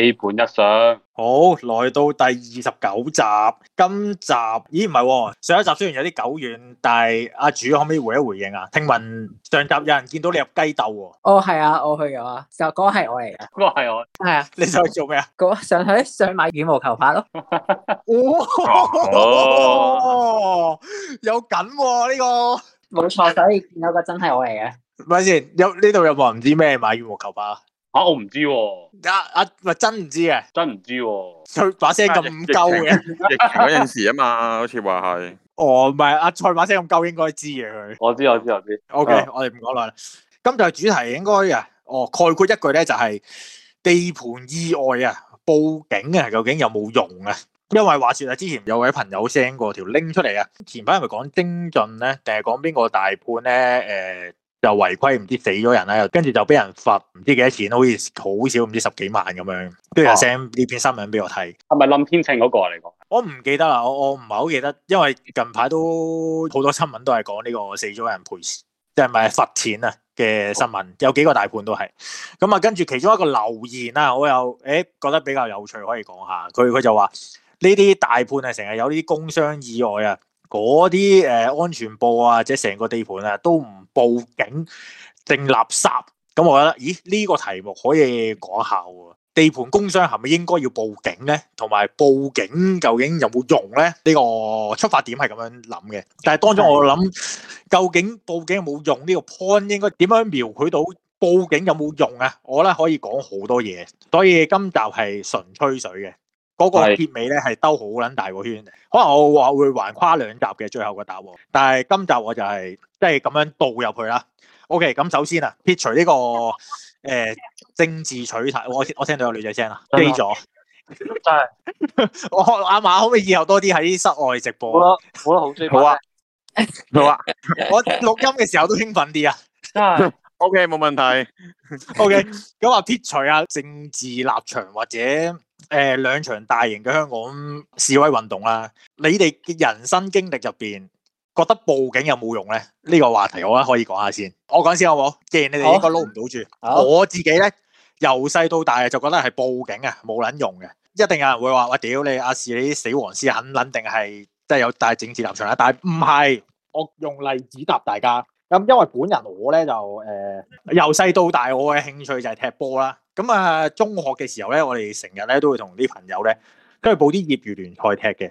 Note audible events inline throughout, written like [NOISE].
基本一上，好來到第二十九集。今集咦唔係、哦、上一集雖然有啲久遠，但係阿主可唔可以回一回應啊。聽聞上集有人見到你入雞竇喎。哦係啊，我去咗啊，就、那、嗰個係我嚟嘅。嗰、那個係我係啊，你想去做咩啊、那個？上去想買羽毛球拍咯。哦，哦哦有緊呢、啊這個冇錯，所以有個真係我嚟嘅。咪先有呢度有冇人唔知咩買羽毛球拍。啊！我唔知，哦啊，阿阿咪真唔知嘅，真唔知，啊。蔡把、啊、聲咁鳩嘅，疫情嗰陣時啊嘛，好似話係。 [LAUGHS] 哦，唔係阿蔡把聲咁鳩，應該知嘅佢。我知，我知，我知。OK，嗯、我哋唔講耐啦。今集嘅主題應該啊，哦概括一句咧就係地盤意外啊，報警啊，究竟有冇用啊？因為話說啊，之前有位朋友 send 過條拎出嚟啊。前排係咪講精進咧，定係講邊個大判咧？誒、呃？就違規唔知死咗人啦，又跟住就俾人罰唔知幾多錢，好似好少唔知十幾萬咁樣。跟住又 send 呢篇新聞俾我睇，係咪林天晴嗰個嚟講？我唔記得啦，我我唔係好記得，因為近排都好多新聞都係講呢個死咗人賠，即係咪罰錢啊嘅新聞，有幾個大判都係。咁啊，跟住其中一個留言啦，我又誒覺得比較有趣，可以講下。佢佢就話呢啲大判咧，成日有啲工傷意外啊。嗰啲、呃、安全部啊，或者成個地盤啊，都唔報警掟垃圾，咁、嗯、我覺得，咦呢個題目可以講下喎？地盤工商係咪應該要報警咧？同埋報警究竟有冇用咧？呢個出發點係咁樣諗嘅。但係當中我諗，究竟報警有冇用？呢個 point 應該點樣描繪到？報警有冇用啊？我咧可以講好多嘢，所以今集係純吹水嘅。嗰、那個結尾咧係兜好撚大個圈，可能我話會橫跨兩集嘅最後個答案，但係今集我就係即係咁樣導入去啦。OK，咁首先啊，撇除呢、這個誒、呃、政治取態，我我聽到有女仔聲啊，飛咗。真係， [LAUGHS] 我阿馬可唔可以以後多啲喺室外直播？好咯，好好追。好啊，好啊，我錄音嘅時候都興奮啲啊。O K，冇問題。O K，咁啊，撇除啊政治立場或者誒兩、呃、場大型嘅香港示威運動啦，你哋嘅人生經歷入邊，覺得報警有冇用咧？呢、這個話題我咧可以講下先。我講先說一下好唔好？既然你哋應該撈唔到住，我自己咧由細到大就覺得係報警啊冇撚用嘅。一定有人會話，我屌你阿士，啊、是你啲死黃絲肯撚定係即係有大政治立場啦？但係唔係。我用例子來答大家。咁因為本人我咧就誒、呃、由細到大，我嘅興趣就係踢波啦。咁啊，中學嘅時候咧，我哋成日咧都會同啲朋友咧，跟住報啲業餘聯賽踢嘅。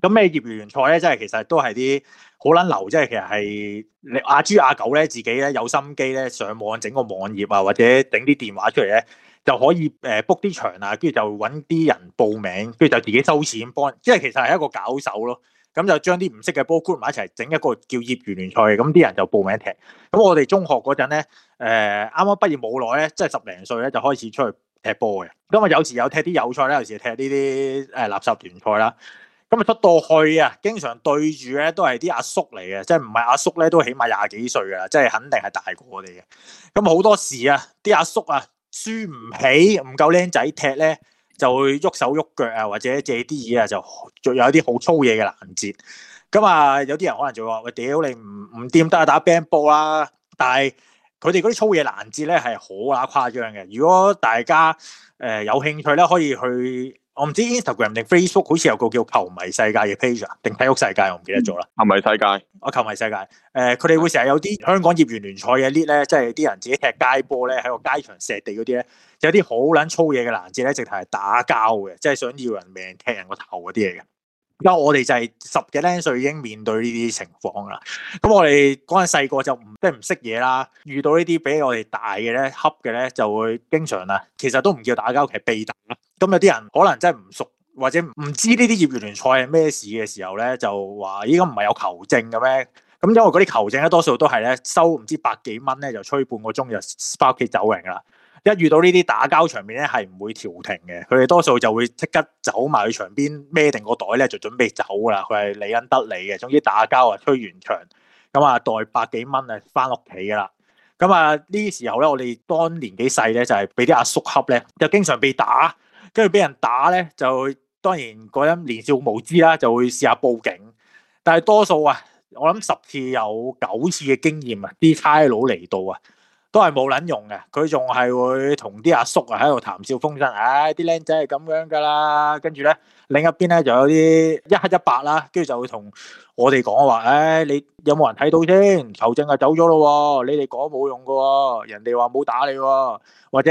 咁咩業餘聯賽咧，即係其實都係啲好撚流，即係其實係阿豬、阿狗咧，自己咧有心機咧，上網整個網頁啊，或者整啲電話出嚟咧，就可以誒 book 啲場啊，跟住就揾啲人報名，跟住就自己收錢幫，即係其實係一個搞手咯。咁就將啲唔識嘅波 group 埋一齊，整一個叫業餘聯賽嘅，咁啲人就報名踢。咁我哋中學嗰陣咧，誒啱啱畢業冇耐咧，即係十零歲咧就開始出去踢波嘅。咁啊有時有踢啲友賽咧，有時踢呢啲誒垃圾聯賽啦。咁啊出到去啊，經常對住咧都係啲阿叔嚟嘅，即係唔係阿叔咧都起碼廿幾歲噶啦，即係肯定係大過我哋嘅。咁好多時啊，啲阿叔啊輸唔起，唔夠僆仔踢咧。就會喐手喐腳啊，或者借啲嘢啊，就有一啲好粗嘢嘅攔截。咁啊，有啲人可能就話：喂，屌你唔唔掂得啊，打 band 波啦！但係佢哋嗰啲粗嘢攔截咧係好啊誇張嘅。如果大家誒有興趣咧，可以去。我唔知 Instagram 定 Facebook 好似有個叫球迷世界嘅 page 定體育世界，我唔記得咗啦。球迷世界，我、啊、球迷世界，誒佢哋會成日有啲香港業餘聯賽嘅 list 咧，即係啲人自己踢街波咧，喺個街場石地嗰啲咧，有啲好撚粗嘢嘅男子咧，直頭係打交嘅，即係想要人命、踢人個頭嗰啲嘢嘅。因家我哋就係十幾零歲已經面對呢啲情況啦。咁我哋嗰陣細個就唔即係唔識嘢啦，遇到呢啲比我哋大嘅咧，恰嘅咧，就會經常啊。其實都唔叫打交，其實被打。咁有啲人可能真係唔熟或者唔知呢啲業餘聯賽係咩事嘅時候咧，就話依家唔係有球證嘅咩？咁因為嗰啲球證咧，多數都係咧收唔知百幾蚊咧，就吹半個鐘就返屋企走人㗎啦。一遇到呢啲打交場面咧，係唔會調停嘅。佢哋多數就會即刻走埋去場邊孭定個袋咧，就準備走噶啦。佢係理恩得理嘅。總之打交啊，吹完場咁啊，袋百幾蚊啊，翻屋企噶啦。咁啊，呢時候咧，我哋當年幾細咧，就係俾啲阿叔恰咧，就經常被打，跟住俾人打咧，就當然嗰陣年少無知啦，就會試下報警。但係多數啊，我諗十次有九次嘅經驗啊，啲差佬嚟到啊。都係冇撚用嘅，佢仲係會同啲阿叔啊喺度談笑風生，唉、哎，啲靚仔係咁樣噶啦。跟住咧，另一邊咧就有啲一,一黑一白啦，跟住就會同我哋講話，唉、哎，你有冇人睇到先？球證啊走咗咯，你哋講冇用噶，人哋話冇打你，或者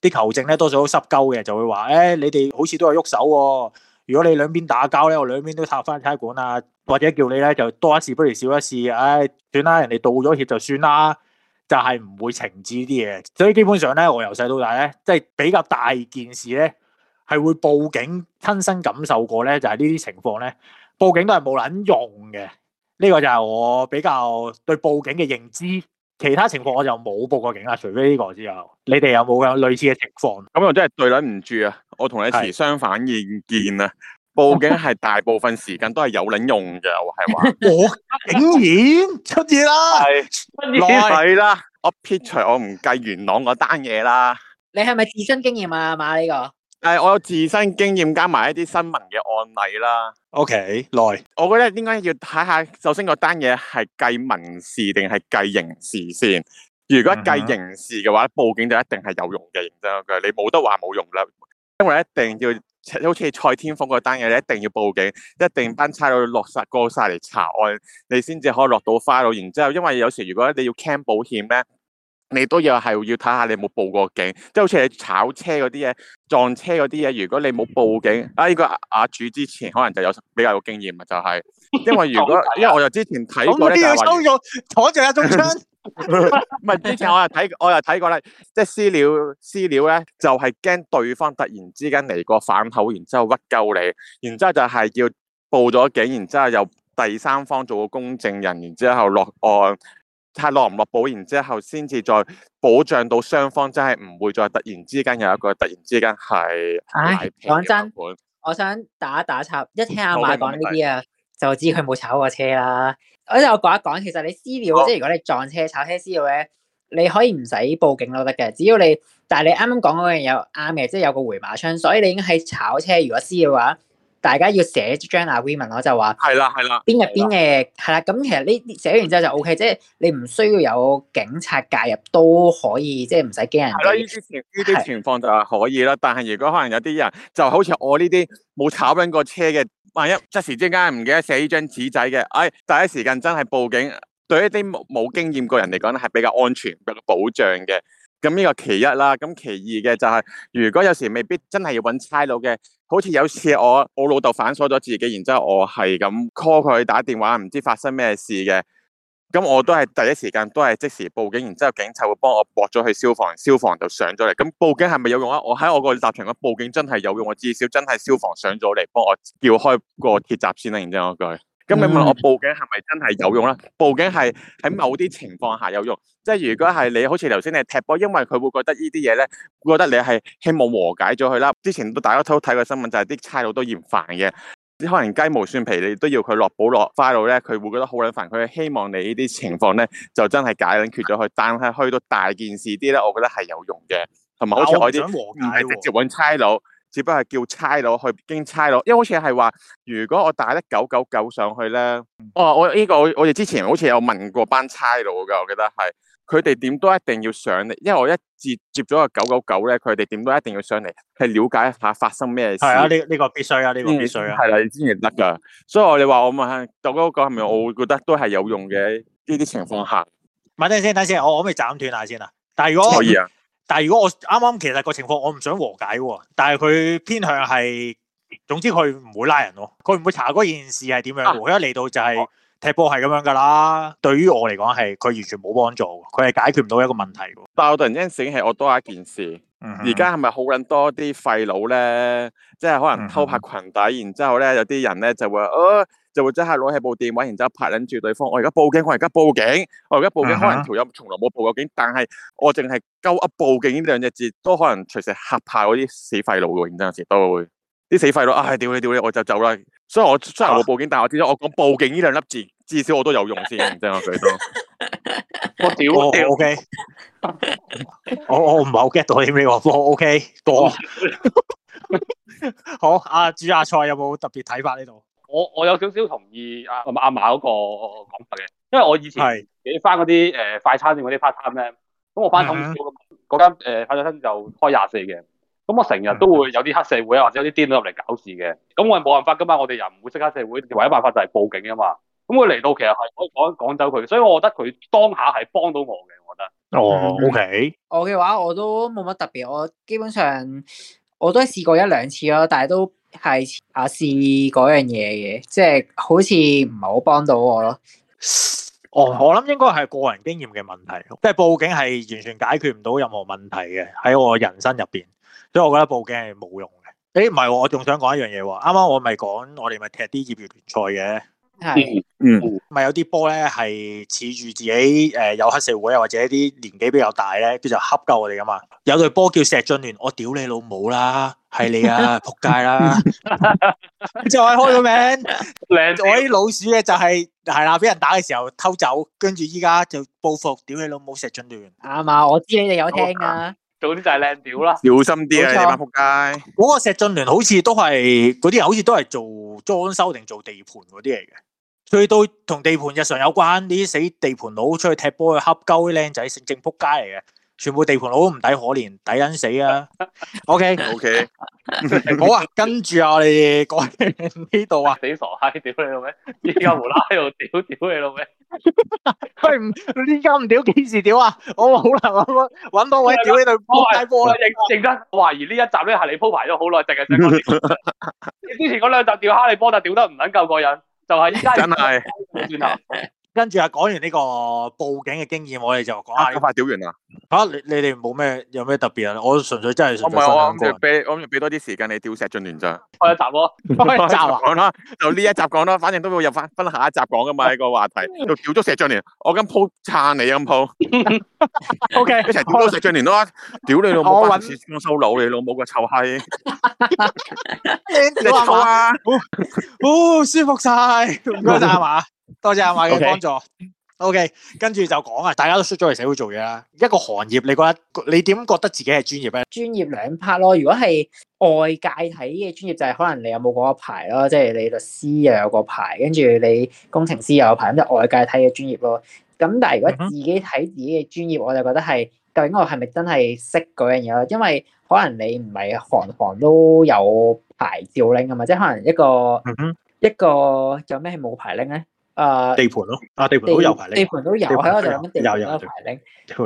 啲球證咧多數好濕鳩嘅，就會話，唉、哎，你哋好似都係喐手，如果你兩邊打交咧，我兩邊都插翻差館啦，或者叫你咧就多一事不如少一事。唉、哎，算啦，人哋道咗歉就算啦。就係、是、唔會情知啲嘢，所以基本上咧，我由細到大咧，即、就、係、是、比較大件事咧，係會報警，親身感受過咧，就係、是、呢啲情況咧，報警都係冇撚用嘅。呢、這個就係我比較對報警嘅認知，其他情況我就冇報過警啊，除非呢個之後你們，有你哋有冇有類似嘅情況？咁我真係對撚唔住啊！我同你一持相反意見啊！報警係大部分時間都係有卵用嘅。我係話，我竟然出事啦，係，來，係啦，我撇除我唔計元朗嗰單嘢啦，你係咪自身經驗啊？馬呢個，誒，我有自身經驗加埋一啲新聞嘅案例啦，OK，來，我覺得應該要睇下首先嗰單嘢係計民事定係計刑事先。如果計刑事嘅話，報警就一定係有用嘅，認真講，你冇得話冇用啦，因為一定要。好似蔡天鳳嗰單嘢，你一定要報警，一定班差佬落實過晒嚟查案，你先至可以落到花佬。然之後，因為有時候如果你要 claim 保險咧，你都要係要睇下你有冇報過警。即係好似你炒車嗰啲嘢、撞車嗰啲嘢，如果你冇報警，啊呢、這個阿、啊啊、主之前可能就有比較有經驗，就係、是、因為如果、 [LAUGHS] 啊、因為我就之前睇過咧就是。咁都要坐住一中槍。 [LAUGHS] 唔係，之前我又睇，我又睇過啦。即係私了，私了咧就係、是、驚對方突然之間嚟個反口，然之後屈鳩你，然之後就係要報咗警，然之後又第三方做個公證人，然之後落案，係落唔落保，然之後先至再保障到雙方真係唔會再突然之間有一個突然之間係唉，講真，我想打一打插，一聽阿馬講呢啲啊，就知佢冇炒過車啦。我即係我講一講，其實你私了、哦、即係如果你撞車、炒車私了咧，你可以唔使報警都得嘅。只要你，但係你啱啱講嗰樣有啱嘅，即、啊、係、就是、有個回馬槍，所以你已經喺炒車如果私嘅話，大家要寫張 agreement 咯，就話係啦係啦，邊入邊嘅係啦。咁其實呢啲寫完之後就 O K，即係你唔需要有警察介入都可以，即係唔使驚人。係啦，呢啲情呢啲情況就話可以啦。但係如果可能有啲人就好似我呢啲冇炒緊個車嘅。萬一即時之間唔記得寫呢張紙仔嘅，哎，第一時間真係報警，對一啲冇經驗個人嚟講呢係比較安全，比較保障嘅。咁呢個其一啦，咁其二嘅就係、是、如果有時未必真係要揾差佬嘅，好似有次我我老豆反鎖咗自己，然之後我係咁 call 佢打電話，唔知發生咩事嘅。咁我都係第一時間，都係即時報警，然之後警察會幫我駁咗去消防，消防就上咗嚟。咁報警係咪有用啊？我喺我個集團嘅報警真係有用，我至少真係消防上咗嚟幫我叫開個鐵閘先啦。然之後嗰句，咁你問我報警係咪真係有用啦？報警係喺某啲情況下有用，即係如果係你好似頭先你踢波，因為佢會覺得呢啲嘢咧，覺得你係希望和解咗佢啦。之前都大家都睇過新聞，就係啲差佬都嫌煩嘅。可能雞毛蒜皮你都要佢落保落快勞咧，佢會覺得好撚煩。佢希望你呢啲情況咧就真係解決咗佢，但係去到大件事啲咧，我覺得係有用嘅。同埋好似我啲，直接揾差佬，只不過叫差佬去經差佬。因為好似係話，如果我打得九九九上去咧，哦，我呢、這個我哋之前好似有問過班差佬㗎，我記得係。佢哋點都一定要上嚟，因為我一接接咗個九九九咧，佢哋點都一定要上嚟，係了解一下發生咩事。係啊，呢、這、呢個必須啊，呢、這個必須啊，係、嗯、啦，你先至得噶。所以我哋話我問下九九九係咪，是是我會覺得都係有用嘅呢啲情況下、嗯。等陣先，等先，我我咪斬斷下先啊。但係如果可以啊，但係如果我啱啱其實剛剛個情況我唔想和解喎，但係佢偏向係，總之佢唔會拉人喎，佢唔會查嗰件事係點樣佢、啊、一嚟到就係、是。啊踢波係咁樣噶啦，對於我嚟講係，佢完全冇幫助，佢係解決唔到一個問題的。但係我突然之間醒起，我多一件事，而家係咪好捻多啲廢佬咧？即係可能偷拍裙底，嗯、然之後咧有啲人咧就會，誒、哦、就會即刻攞起部電話，然之後拍捻住對方。我而家報警，我而家報警，我而家報警,報警、嗯，可能條友從來冇報過警，但係我淨係勾一報警呢兩隻字，都可能隨時吓怕嗰啲死廢佬嘅。有陣時都會，啲死廢佬，唉、哎，屌你屌你，我就走啦。所以我雖然冇報警，啊、但係我至少我講報警呢兩粒字，至少我都有用先，真係最多。我屌我 OK，我我唔係好 get 到啲咩喎，OK 多 [LAUGHS] 好。阿、啊、朱阿、啊、蔡有冇特別睇法呢度？我我有少少同意阿阿嫲嗰個講法嘅，因為我以前係翻嗰啲誒快餐店嗰啲 part time 咧，咁我翻咁，嗰間誒快餐店就開廿四嘅。咁我成日都會有啲黑社會啊，或者有啲癲佬入嚟搞事嘅。咁我係冇辦法噶嘛，我哋又唔會識黑社會，唯一辦法就係報警啊嘛。咁佢嚟到其實係可以講講走佢，所以我覺得佢當下係幫到我嘅。我覺得。哦，OK。我嘅話我都冇乜特別，我基本上我都係試過一兩次咯，但係都係啊試嗰樣嘢嘅，即係好似唔係好幫到我咯。哦，我諗應該係個人經驗嘅問題，即係報警係完全解決唔到任何問題嘅喺我人生入邊。所以我覺得報警係冇用嘅。誒，唔係，我仲想講一樣嘢。啱啱我咪講，我哋咪踢啲業餘聯賽嘅。係，嗯，咪有啲波咧，係恃住自己誒、呃、有黑社會，又或者啲年紀比較大咧，叫做恰夠我哋噶嘛。有一隊波叫石俊聯，我屌你老母啦，係你啊，仆 [LAUGHS] 街啦。 [LAUGHS] 就係是 Hallelman, [LAUGHS] 我開個名，我啲老鼠嘅就係、是、係啦，俾人打嘅時候偷走，跟住依家就報復，屌你老母石俊聯。啱啊，我知道你哋有聽噶。做啲就係靚屌啦！小心啲啊，你班撲街！嗰個石俊聯好似都係嗰啲人，好似都係做裝修定做地盤嗰啲嚟嘅，所以都同地盤日常有關。啲死地盤佬出去踢波去恰鳩啲靚仔，正正撲街嚟嘅。全部地盤佬都唔抵可憐，抵緊死啊！OK OK，好啊， [LAUGHS] 跟住啊，我哋過呢度啊，死傻閪，屌你老咩？依家胡拉喺度屌，屌你老咩？佢唔，依家唔屌幾時屌啊？我好難搵搵位屌你對波，認認得我懷疑呢一集咧係你鋪排咗好耐，淨係淨係你之前嗰兩集屌哈利波特屌得唔肯夠過癮，就係依家真係。跟住啊，講完呢個報警嘅經驗，我哋就講下，咁快屌完啦。吓？你你哋冇咩有咩特別啊？我純粹真係想唔我啱俾俾多啲時間你屌石俊聯咋？開一集咯，開 [LAUGHS] 一集講啦，就呢一集講啦，反正都會入翻分下一集講噶嘛。呢 [LAUGHS] 個話題就屌咗石俊聯，我咁鋪撐你咁鋪。 [LAUGHS] o、okay, K，一齊屌多石俊聯咯，屌 [LAUGHS] 你老母！我搵佬，你老母個臭閪 [LAUGHS] [LAUGHS] 你阿、哦、 [LAUGHS] 啊！好舒服晒，唔該晒阿媽。多謝阿馬哥嘅幫助。O K，跟住就講啊，大家都出咗嚟社會做嘢啦。一個行業，你覺得你點覺得自己係專業咧？專業兩 part 咯，如果係外界睇嘅專業，就係、是、可能你沒有冇嗰個牌咯，即、就、係、是、你律師又有個牌，跟住你工程師又有個牌，咁就是、外界睇嘅專業咯。咁但係如果自己睇自己嘅專業，我就覺得係究竟我係咪真係識嗰樣嘢咯？因為可能你唔係行行都有牌照拎啊嘛，即、就、係、是、可能一個、mm -hmm. 一個有咩冇牌拎咧？誒，地盤咯，啊，地盤都有牌、啊，地盤都有喺我哋有有盤有牌拎、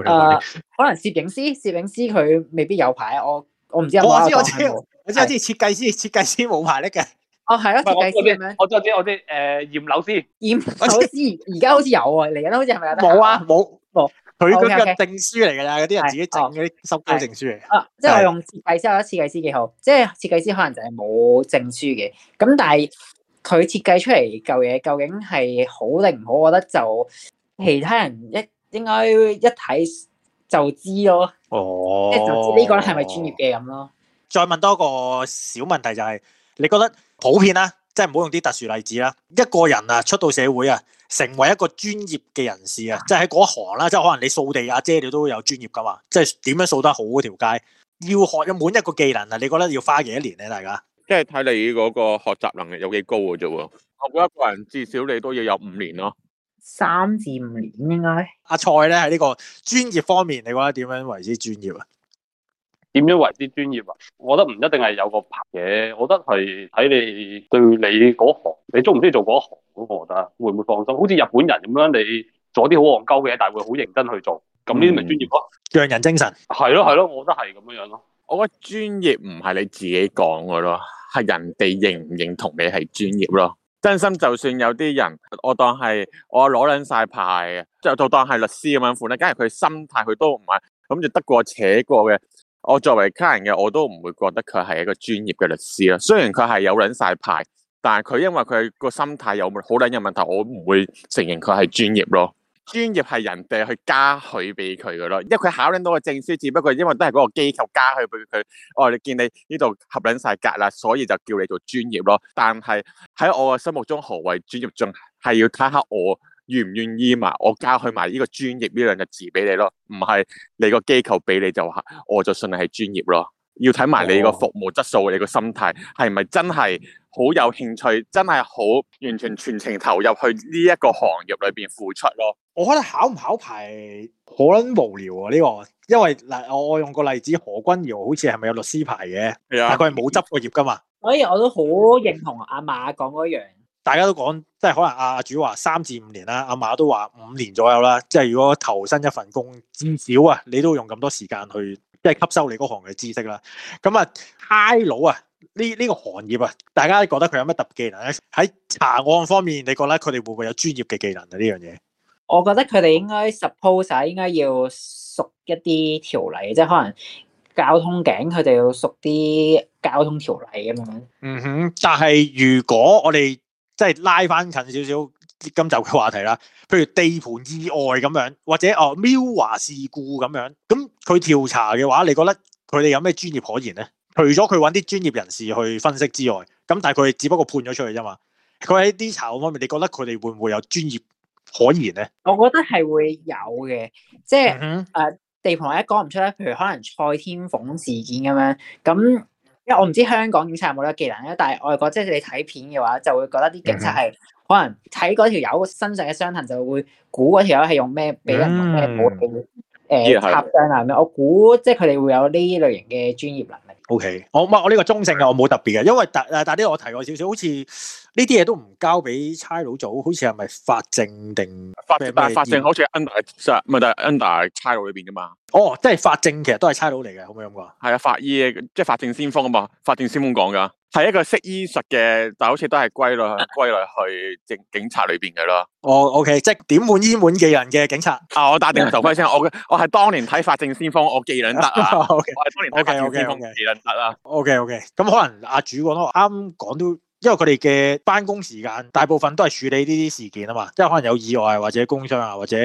呃。可能攝影師，攝影師佢未必有牌，我我唔知有冇。我知我知，我知我知，設計師，設計師冇牌搦嘅。哦，係咯，設計師咩？我知我知，我知誒，驗樓師。驗樓師而家好似有，有，有啊，嚟緊好似係咪有得？冇啊，冇佢嗰個證書嚟噶啦，有、okay, 啲人自己整嗰啲收樓證書嚟、哦。啊，即係用設計師，我覺得設計師幾好，即係設計師可能就係冇證書嘅，咁但係。佢設計出嚟嚿嘢究竟係好定唔好？我覺得就其他人一應該一睇就知咯。哦，即係就知呢個係咪專業嘅咁咯？再問多個小問題就係、是，你覺得普遍啦，即係唔好用啲特殊例子啦。一個人啊，出到社會啊，成為一個專業嘅人士啊，即係喺嗰行啦，即、就、係、是、可能你掃地阿姐你都有專業噶嘛。即係點樣掃得好嗰條街，要學咗滿一個技能啊？你覺得要花幾多年咧？大家？即係睇你嗰個學習能力有幾高嘅啫喎，我估一個人至少你都要有五年咯，啊，三至五年應該。阿蔡咧喺呢個專業方面，你覺得點樣為之專業啊？點樣為之專業啊？我覺得唔一定係有個牌。我覺得係睇你對你嗰行，你中唔中意做嗰行，我覺得會唔會放心？好似日本人咁樣，你做啲好戇鳩嘅，但係會好認真去做，咁呢啲咪專業咯，啊？嗯、匠人精神。係咯係咯，我覺得係咁樣樣咯。我覺得專業唔係你自己講嘅咯，係人哋認唔認同你係專業咯。真心就算有啲人，我當係我攞捻晒牌，就就當係律師咁樣款咧。梗係佢心態佢都唔係咁就得過且過嘅，我作為客人嘅我都唔會覺得佢係一個專業嘅律師啦。雖然佢係有捻晒牌，但係佢因為佢個心態有好捻嘅問題，我唔會承認佢係專業咯。專業係人哋去加許俾佢㗎咯，因為佢考捻到個證書，只不過因為都係嗰個機構加許俾佢。哦，你見你呢度合捻晒格啦，所以就叫你做專業咯。但係喺我嘅心目中，何為專業，仲係要睇下我願唔願意埋我加去埋呢個專業呢兩個字俾你咯，唔係你個機構俾你就話，我就信你係專業咯。要睇埋你個服務質素，哦、你個心態係咪真係好有興趣，真係好完全全程投入去呢一個行業裏邊付出咯。我覺得考唔考牌可能無聊啊呢個，因為嗱我用個例子何君堯好似係咪有律師牌嘅，係啊，佢係冇執過業噶嘛。所以我都好認同阿馬講嗰樣。大家都講即係可能阿阿主話三至五年啦，阿馬都話五年左右啦。即係如果投身一份工，至少啊你都用咁多時間去。即係吸收你嗰行嘅知識啦。咁啊，差佬啊，呢呢、這個行業啊，大家覺得佢有乜特技能咧？喺查案方面，你覺得佢哋會唔會有專業嘅技能啊？呢樣嘢，我覺得佢哋應該 suppose 應該要熟一啲條例，即係可能交通警佢哋要熟啲交通條例咁樣。嗯哼，但係如果我哋即係拉翻近少少。今集嘅話題啦，譬如地盤意外咁樣，或者哦，苗華事故咁樣，咁佢調查嘅話，你覺得佢哋有咩專業可言咧？除咗佢揾啲專業人士去分析之外，咁但係佢只不過判咗出去啫嘛。佢喺啲查案方面，你覺得佢哋會唔會有專業可言咧？我覺得係會有嘅，即係誒、嗯，地盤一講唔出咧，譬如可能蔡天鳳事件咁樣，咁。因為我唔知香港警察有冇呢個技能咧，但係外國即係你睇片嘅話，就會覺得啲警察係可能睇嗰條友身上嘅傷痕，就會估嗰條友係用咩俾人用咩武器誒插上嚟咪？我估即係佢哋會有呢類型嘅專業能力。O.K. 我唔我呢個中性嘅，我冇特別嘅，因為大誒啲我提過少少，好似呢啲嘢都唔交俾差佬做，好似係咪法證定法但法證好似 under 唔係 under 差佬裏邊噶嘛？哦，即係法證其實都係差佬嚟嘅，可唔可以咁講？係啊，法醫即係法證先鋒啊嘛，法證先鋒講噶，係一個識醫術嘅，但好似都係歸類歸類去警警察裏邊嘅咯。哦，O.K. 即係點滿醫滿嘅人嘅警察。啊、哦，我戴定個頭盔先，我我係當年睇法證先鋒，我記兩達我係當年啦，OK OK，咁可能阿主講都啱講都，因為佢哋嘅班工時間大部分都係處理呢啲事件啊嘛，即係可能有意外或者工傷啊或者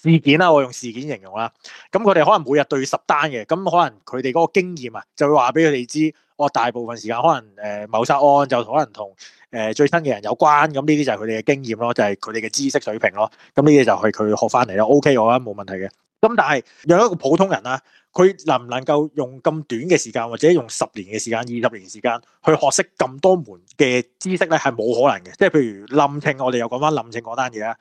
事件啦，我用事件形容啦。咁佢哋可能每日對十單嘅，咁可能佢哋嗰個經驗啊，就會話俾佢哋知，我、哦、大部分時間可能誒、呃、謀殺案就可能同誒、呃、最新嘅人有關，咁呢啲就係佢哋嘅經驗咯，就係佢哋嘅知識水平咯。咁呢啲就係佢學翻嚟咯，OK，我覺得冇問題嘅。咁但係讓一個普通人啦。佢能唔能夠用咁短嘅時間，或者用十年嘅時間、二十年嘅時間去學識咁多門嘅知識咧，係冇可能嘅。即係譬如冧稱，我哋又講翻冧稱嗰單嘢啊，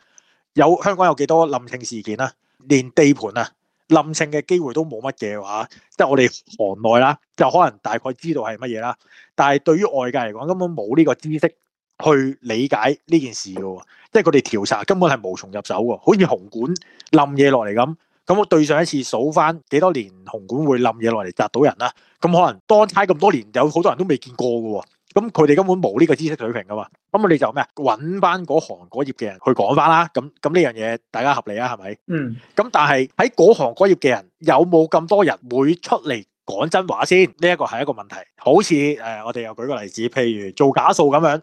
有香港有幾多冧稱事件啦？連地盤啊，冧稱嘅機會都冇乜嘅話，即係我哋行內啦，就可能大概知道係乜嘢啦。但係對於外界嚟講，根本冇呢個知識去理解呢件事嘅喎，即係佢哋調查根本係無從入手喎。好似紅館冧嘢落嚟咁。咁我對上一次數翻幾多年紅館會冧嘢落嚟砸到人啦，咁可能當差咁多年有好多人都未見過㗎喎，咁佢哋根本冇呢個知識水平㗎嘛，咁我哋就咩啊？揾翻嗰行嗰業嘅人去講翻啦，咁咁呢樣嘢大家合理啊，係咪？嗯。咁但係喺嗰行嗰業嘅人有冇咁多人會出嚟講真話先？呢一個係一個問題。好似誒，我哋又舉個例子，譬如做假數咁樣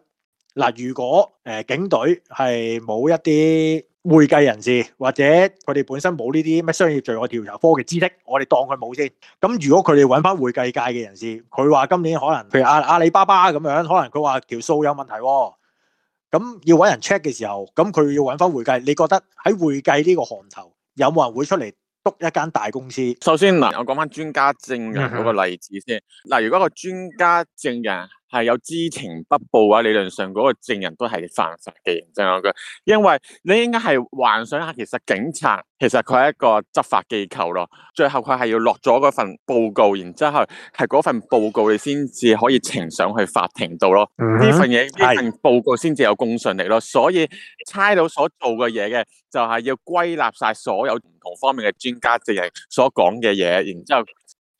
嗱，如果誒警隊係冇一啲。會計人士或者佢哋本身冇呢啲咩商業罪惡調查科嘅知識，我哋當佢冇先。咁如果佢哋揾翻會計界嘅人士，佢話今年可能譬如阿阿里巴巴咁樣，可能佢話條數有問題，咁要揾人 check 嘅時候，咁佢要揾翻會計。你覺得喺會計呢個行頭有冇人會出嚟督一間大公司？首先嗱，我講翻專家證人嗰個例子先。嗱，mm-hmm，如果個專家證人。係有知情不報啊，理論上嗰個證人都係犯法嘅，認真嘅。因為你應該係幻想下，其實警察其實佢係一個執法機構咯、啊，最後佢係要落咗嗰份報告，然之後係嗰份報告你先至可以呈上去法庭度咯、啊。呢、嗯、份嘢呢份報告先至有公信力咯、啊。所以，差佬所做嘅嘢嘅，就係要歸納晒所有唔同方面嘅專家證人所講嘅嘢，然之後。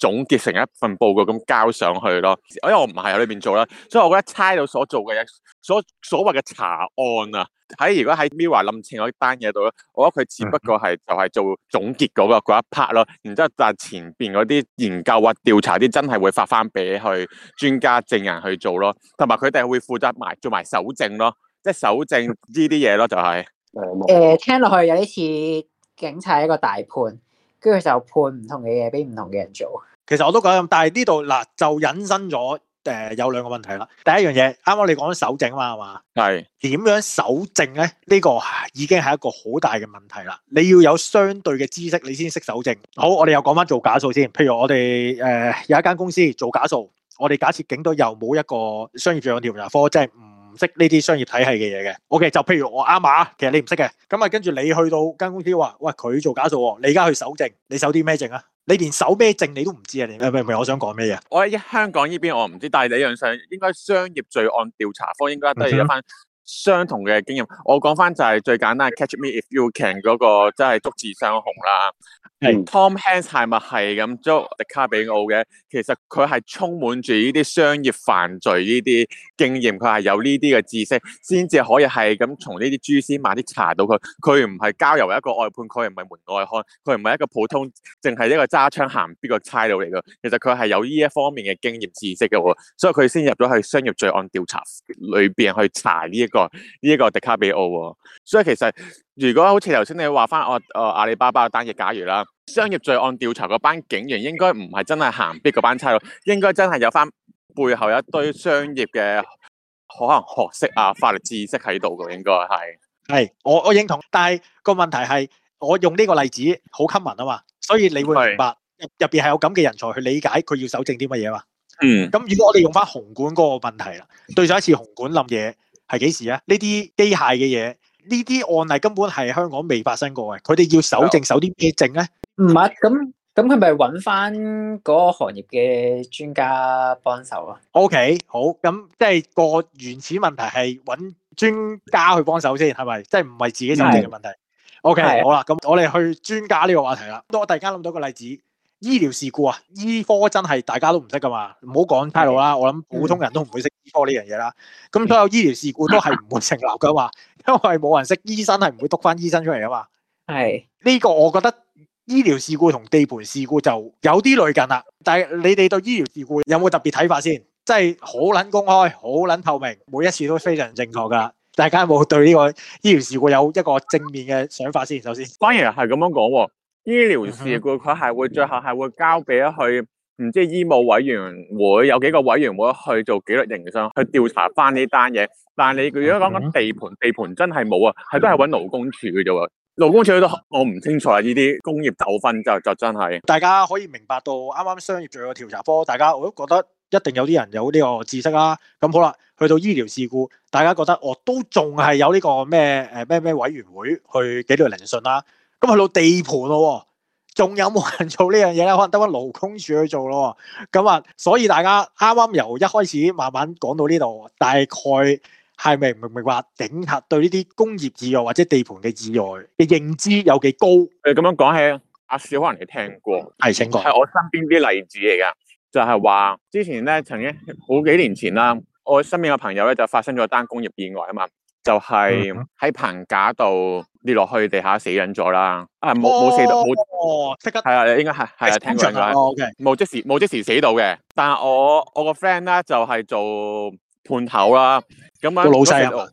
總結成一份報告咁交上去咯，因為我唔係喺裏邊做啦，所以我覺得猜到所做嘅嘢，所所謂嘅查案啊，喺如果喺 MIRROR 冧稱嗰單嘢度咧，我覺得佢只不過係就係、是、做總結嗰個嗰一 part 咯，然之後但前邊嗰啲研究或調查啲真係會發翻俾去專家證人去做咯，同埋佢哋會負責埋做埋搜證咯，即係搜證呢啲嘢咯，就係誒聽落去有啲似警察一個大判，跟住就判唔同嘅嘢俾唔同嘅人做。其實我都講咁，但係呢度嗱就引申咗誒、呃、有兩個問題啦。第一樣嘢，啱啱你講咗守證嘛係嘛？係點樣守證咧？呢個已經係一個好大嘅問題啦。你要有相對嘅知識，你先識守證。好，我哋又講翻做假數先。譬如我哋誒、呃、有一間公司做假數，我哋假設警隊又冇一個商業帳務調查科，即係唔識呢啲商業體系嘅嘢嘅。OK，就譬如我啱啊，其實你唔識嘅。咁啊，跟住你去到間公司話，喂，佢做假數，你而家去守證，你守啲咩證啊？你連守咩證你都唔知啊？你唔係唔係？我想講咩嘢？我喺香港呢邊我唔知，但係呢樣相，應該商業罪案調查科應該都係一番。嗯相同嘅經驗，我講翻就係最簡單 Catch Me If You Can 嗰、那個，即係捉智雙雄啦。係、嗯 hey, Tom Hanks 係咪係咁捉迪卡比奧嘅？其實佢係充滿住呢啲商業犯罪呢啲經驗，佢係有呢啲嘅知識，先至可以係咁從呢啲蛛絲馬跡查到佢。佢唔係交由一個外判，佢唔係門外漢，佢唔係一個普通，淨係一個揸槍行邊個差佬嚟嘅。其實佢係有呢一方面嘅經驗知識嘅喎，所以佢先入咗去商業罪案調查裏邊去查呢一個。呢、這、一個迪卡比奧，所以其實如果好似頭先你話翻我，誒、哦哦、阿里巴巴嘅單嘢，假如啦，商業罪案調查嗰班警員應該唔係真係行邊個班差佬，應該真係有翻背後有一堆商業嘅可能學識啊法律知識喺度嘅，應該係係我我認同，但係個問題係我用呢個例子好 common 啊嘛，所以你會明白入入邊係有咁嘅人才去理解佢要守正啲乜嘢嘛，嗯，咁如果我哋用翻紅館嗰個問題啦，對上一次紅館冧嘢。係幾時啊？呢啲機械嘅嘢，呢啲案例根本係香港未發生過嘅。佢哋要守證，守啲咩證咧？唔係，咁咁係咪揾翻嗰個行業嘅專家幫手啊？O K，好，咁即係個原始問題係揾專家去幫手先，係咪？即係唔係自己守證明嘅問題？O、okay, K，好啦，咁我哋去專家呢個話題啦。咁我突然間諗到一個例子。醫療事故啊，醫科真係大家都唔識噶嘛，唔好講太佬啦，我諗普通人都唔會識醫科呢樣嘢啦。咁、嗯、所有醫療事故都係唔會成立噶嘛， [LAUGHS] 因為冇人識，醫生係唔會督翻醫生出嚟噶嘛。係呢、這個我覺得醫療事故同地盤事故就有啲類近啦。但係你哋對醫療事故有冇特別睇法先？即係好捻公開，好捻透明，每一次都非常正確噶。大家有冇對呢個醫療事故有一個正面嘅想法先，首先。關爺係咁樣講喎。醫療事故佢係會最後係會交俾去唔知醫務委員會，有幾個委員會去做紀律聆訊，去調查翻呢單嘢。但係你如果講緊地盤，地盤真係冇啊，係都係揾勞工處嘅啫喎。勞工處都我唔清楚啊，呢啲工業糾紛就就真係大家可以明白到啱啱商業罪案調查科，大家我都覺得一定有啲人有呢個知識啦。咁好啦，去到醫療事故，大家覺得我都仲係有呢個咩誒咩咩委員會去紀律聆訊啦。咁去到地盤咯，仲有冇人做呢樣嘢咧？可能得翻勞工處去做咯。咁、嗯、啊，所以大家啱啱由一開始慢慢講到呢度，大概係咪明唔明白？頂塔對呢啲工業意外或者地盤嘅意外嘅認知有幾高？咁樣講起，阿少可能你聽過，係聽過，係我身邊啲例子嚟㗎。就係、是、話之前咧，曾經好幾年前啦，我身邊嘅朋友咧就發生咗單工業意外啊嘛，就係、是、喺棚架度。嗯跌落去地下死人咗啦，啊冇冇死到，冇哦，即刻係啊，應該係係啊，Expansion, 聽過啦，冇、哦 okay、冇即時冇即時死到嘅，但係我我個 friend 咧就係、是、做判頭啦，咁樣老細啊，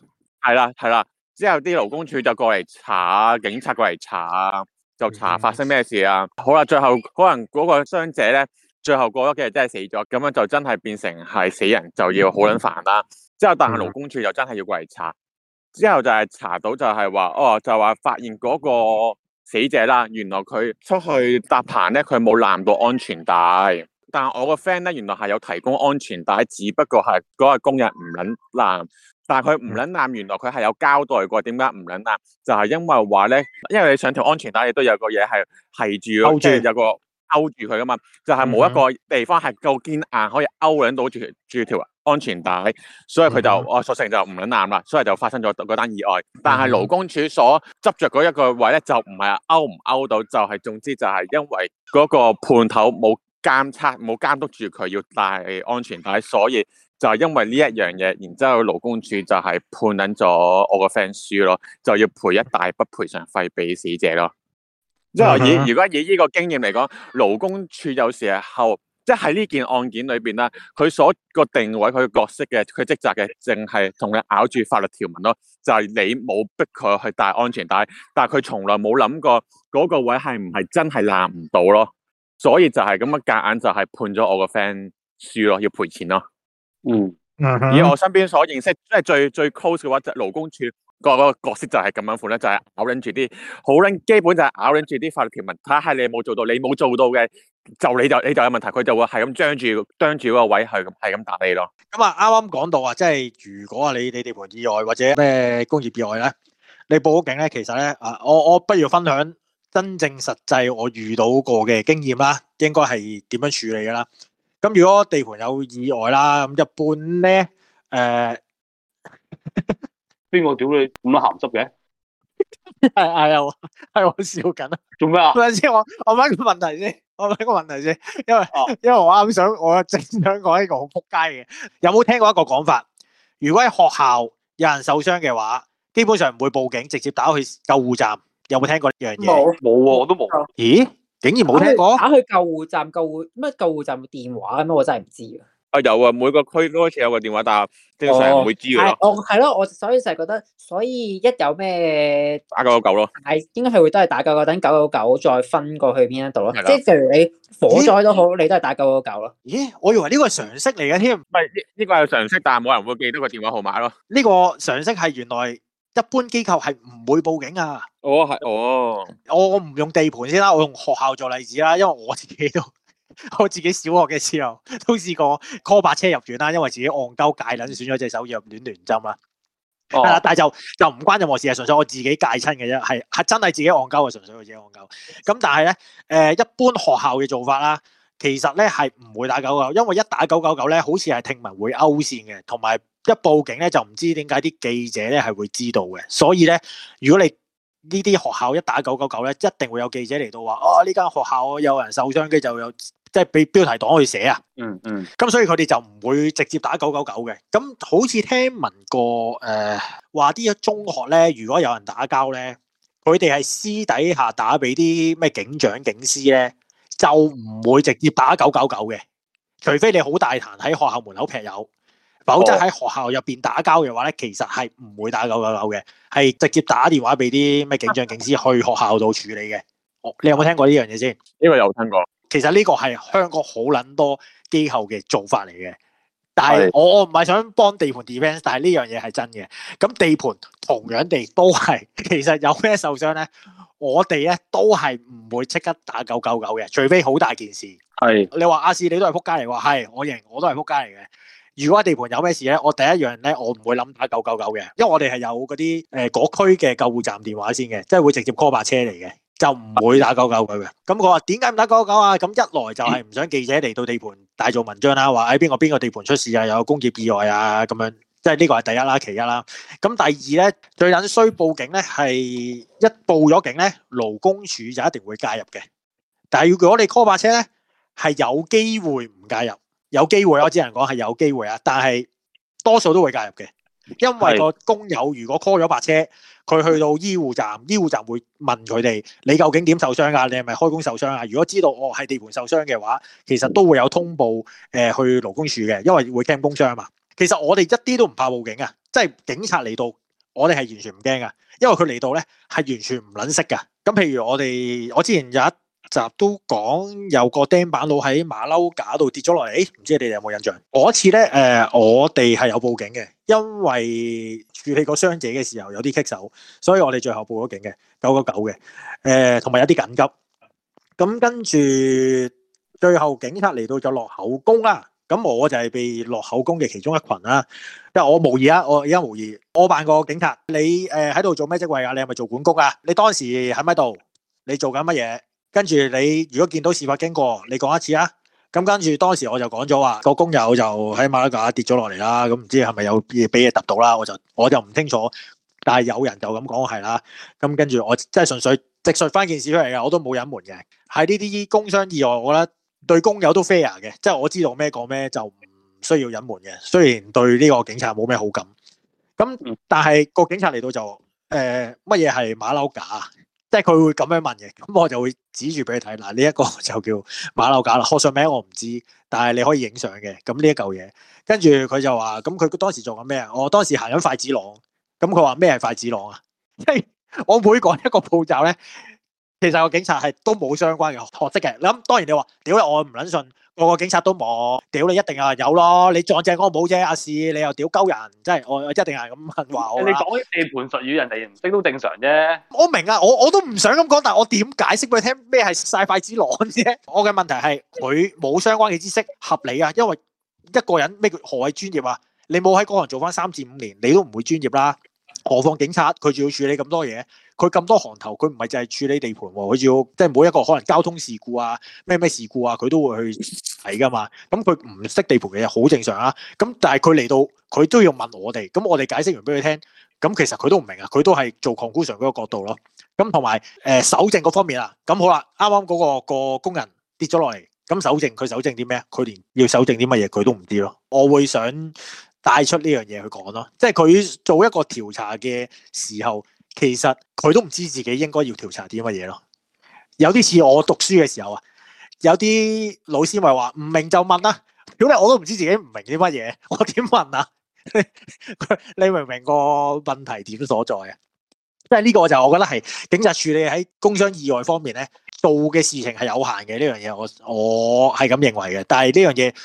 係啦係啦，之後啲勞工處就過嚟查啊，警察過嚟查啊，就查發生咩事啊，好啦、啊，最後可能嗰個傷者咧，最後過咗幾日真係死咗，咁樣就真係變成係死人就要好捻煩啦，之後但係勞工處就真係要過嚟查。嗯嗯之後就係查到就係話哦，就話發現嗰個死者啦，原來佢出去搭棚咧，佢冇攬到安全帶。但係我個 friend 咧，原來係有提供安全帶，只不過係嗰個工人唔捻攋。但係佢唔捻攋，原來佢係有交代過點解唔捻攋，就係、是、因為話咧，因為你上條安全帶，亦都有個嘢係係住，住就是、有個勾住佢噶嘛，就係、是、冇一個地方係夠堅硬可以勾撚到住，住住條啊。安全帶，所以佢就我索性就唔撚攬啦，所以就發生咗嗰單意外。但係勞工處所執着嗰一個位咧，就唔係勾唔勾到，就係、是、總之就係因為嗰個判頭冇監測、冇監督住佢要帶安全帶，所以就係因為呢一樣嘢，然之後勞工處就係判撚咗我個 friend 輸咯，就要賠一大筆賠償費俾死者咯。之、mm、後 -hmm. 以，以如果以呢個經驗嚟講，勞工處有時候～即係喺呢件案件裏邊咧，佢所個定位佢嘅角色嘅佢職責嘅，淨係同你咬住法律條文咯，就係你冇逼佢去戴安全帶，但係佢從來冇諗過嗰個位係唔係真係爛唔到咯，所以就係咁樣夾硬，就係判咗我個 friend 輸咯，要賠錢咯。嗯，以我身邊所認識即係最最 close 嘅話就勞工處。個角色就係咁樣款咧，就係咬緊住啲，好緊基本就係咬緊住啲法律條文，睇下你有冇做到，你冇做到嘅，就你就你就有問題，佢就會係咁張住張住嗰個位，係係咁打你咯。咁啊，啱啱講到啊，即係如果啊，你你地盤意外或者咩工業意外咧，你報警咧，其實咧，啊，我我不如分享真正實際我遇到過嘅經驗啦，應該係點樣處理噶啦。咁如果地盤有意外啦，咁一般咧，誒、呃。 [LAUGHS] 邊個屌你咁樣鹹濕嘅？係係啊，係我，我笑緊啊！做咩啊？等下先，我我問一個問題先，我問一個問題先，因為、啊、因為我啱想，我正想一直想講呢個好撲街嘅。有冇聽過一個講法？如果喺學校有人受傷嘅話，基本上唔會報警，直接打去救護站。有冇聽過呢樣嘢？冇冇喎，我都冇。咦？竟然冇聽過？打去救護站，救護乜救護站電話？咁我真係唔知啊！啊有啊，每個區都好似有個電話打，正常係唔會知噶啦。哦，係咯，我所以就係覺得，所以一有咩打九九九咯。係應該係會都係打九九九，等九九九再分過去邊一度咯。即係譬如你火災都好，你都係打九九九咯。咦，我以為呢個係常識嚟嘅添，唔係，呢個係常識，但係冇人會記得個電話號碼咯。呢個常識係原來一般機構係唔會報警啊。哦，係哦。我我唔用地盤先啦，我用學校做例子啦，因為我自己都。我自己小學嘅時候都試過 call 把車入院啦，因為自己戇鳩戒撚，選咗隻手入院亂針啦。亂亂 oh. 但係就就唔關任何事，係純粹我自己戒親嘅啫，係係真係自己戇鳩啊，純粹自己戇鳩。咁但係咧，誒、呃，一般學校嘅做法啦，其實咧係唔會打九九九，因為一打九九九咧，好似係聽聞會勾線嘅，同埋一報警咧就唔知點解啲記者咧係會知道嘅。所以咧，如果你呢啲學校一打九九九咧，一定會有記者嚟到話哦，呢間學校有人受傷，跟住就有。即係俾標題黨去寫啊，嗯嗯，咁所以佢哋就唔會直接打九九九嘅。咁好似聽聞過誒，話、呃、啲中學咧，如果有人打交咧，佢哋係私底下打俾啲咩警長、警司咧，就唔會直接打九九九嘅，除非你好大彈喺學校門口劈友、哦，否則喺學校入邊打交嘅話咧，其實係唔會打九九九嘅，係直接打電話俾啲咩警長、警司去學校度處理嘅。你有冇聽過呢樣嘢先？呢個有聽過。這個其實呢個係香港好捻多機構嘅做法嚟嘅，但係我是我唔係想幫地盤 defend，但係呢樣嘢係真嘅。咁地盤同樣地都係，其實有咩受傷咧？我哋咧都係唔會即刻打九九九嘅，除非好大件事。係你話阿 Sir，你都係仆街嚟，話係我認，我都係仆街嚟嘅。如果地盤有咩事咧，我第一樣咧，我唔會諗打九九九嘅，因為我哋係有嗰啲誒，各、呃、區嘅救護站電話先嘅，即係會直接 call 把車嚟嘅。就唔會打九九九嘅，咁我話點解唔打九九啊？咁一來就係唔想記者嚟到地盤大做文章啦，話喺邊個邊個地盤出事啊，又有工業意外啊咁樣，即係呢個係第一啦，其一啦。咁第二咧，最緊需報警咧，係一報咗警咧，勞工處就一定會介入嘅。但係如果你 call 白車咧，係有機會唔介入，有機會我只能講係有機會啊，但係多數都會介入嘅，因為個工友如果 call 咗白車。佢去到醫護站，醫護站會問佢哋：你究竟點受傷㗎？你係咪開工受傷啊？如果知道我係地盤受傷嘅話，其實都會有通報誒去勞工處嘅，因為會聽工傷啊嘛。其實我哋一啲都唔怕報警啊，即係警察嚟到，我哋係完全唔驚噶，因為佢嚟到咧係完全唔卵識噶。咁譬如我哋，我之前有一集都講有個釘板佬喺馬騮架度跌咗落嚟，唔知你哋有冇印象？嗰次咧，誒，我哋係有報警嘅，因為處理個傷者嘅時候有啲棘手，所以我哋最後報咗警嘅九九九嘅。誒，同埋有啲緊急咁，跟住最後警察嚟到就落口供啦。咁我就係被落口供嘅其中一群啦。即係我模擬啊，我而家模擬，我扮個警察。你誒喺度做咩職位啊？你係咪做管工啊？你當時喺咪度？你做緊乜嘢？跟住你如果見到事發經過，你講一次啊！咁跟住當時我就講咗話，個工友就喺馬騮架跌咗落嚟啦。咁唔知係咪有嘢俾嘢揼到啦？我就我就唔清楚，但係有人就咁講係啦。咁跟住我即係純粹直述翻件事出嚟嘅，我都冇隱瞞嘅。喺呢啲工傷意外，我覺得對工友都 fair 嘅，即係我知道咩講咩就唔需要隱瞞嘅。雖然對呢個警察冇咩好感，咁但係個警察嚟到就誒乜嘢係馬騮架？即係佢會咁樣問嘅，咁我就會指住俾你睇，嗱呢一個就叫馬騮架啦，學上名我唔知，但係你可以影相嘅，咁呢一嚿嘢，跟住佢就話，咁佢當時做緊咩啊？我當時行緊筷子廊，咁佢話咩係筷子廊啊？即係我每講一個步驟咧，其實個警察係都冇相關嘅學識嘅，你諗，當然你話，屌我唔捻信。個個警察都冇，屌你一定啊，有咯，你撞正嗰個冇啫。阿士你又屌鳩人，真係我我一定係咁話我啦。你講地盤術語，人哋唔識都正常啫。我明啊，我我都唔想咁講，但係我點解釋俾你聽咩係晒筷子狼啫？我嘅問題係佢冇相關嘅知識合理啊，因為一個人咩叫何謂專業啊？你冇喺嗰行做翻三至五年，你都唔會專業啦。何況警察佢仲要處理咁多嘢。佢咁多行頭，佢唔係淨係處理地盤喎，佢要即係每一個可能交通事故啊、咩咩事故啊，佢都會去睇㗎嘛。咁佢唔識地盤嘅嘢，好正常啊。咁但係佢嚟到，佢都要問我哋，咁我哋解釋完俾佢聽，咁其實佢都唔明啊。佢都係做礦股長嗰個角度咯。咁同埋誒搜證嗰方面啦。咁好啦，啱啱嗰個工人跌咗落嚟，咁搜證佢搜證啲咩？佢連要搜證啲乜嘢，佢都唔知咯。我會想帶出呢樣嘢去講咯，即係佢做一個調查嘅時候。其實佢都唔知自己應該要調查啲乜嘢咯，有啲似我讀書嘅時候啊，有啲老師咪話唔明就問啦。咁你我都唔知自己唔明啲乜嘢，我點問啊？ [LAUGHS] 你明唔明個問題點所在啊？即係呢個就我覺得係警察處理喺工傷意外方面咧，做嘅事情係有限嘅呢樣嘢，我我係咁認為嘅。但係呢樣嘢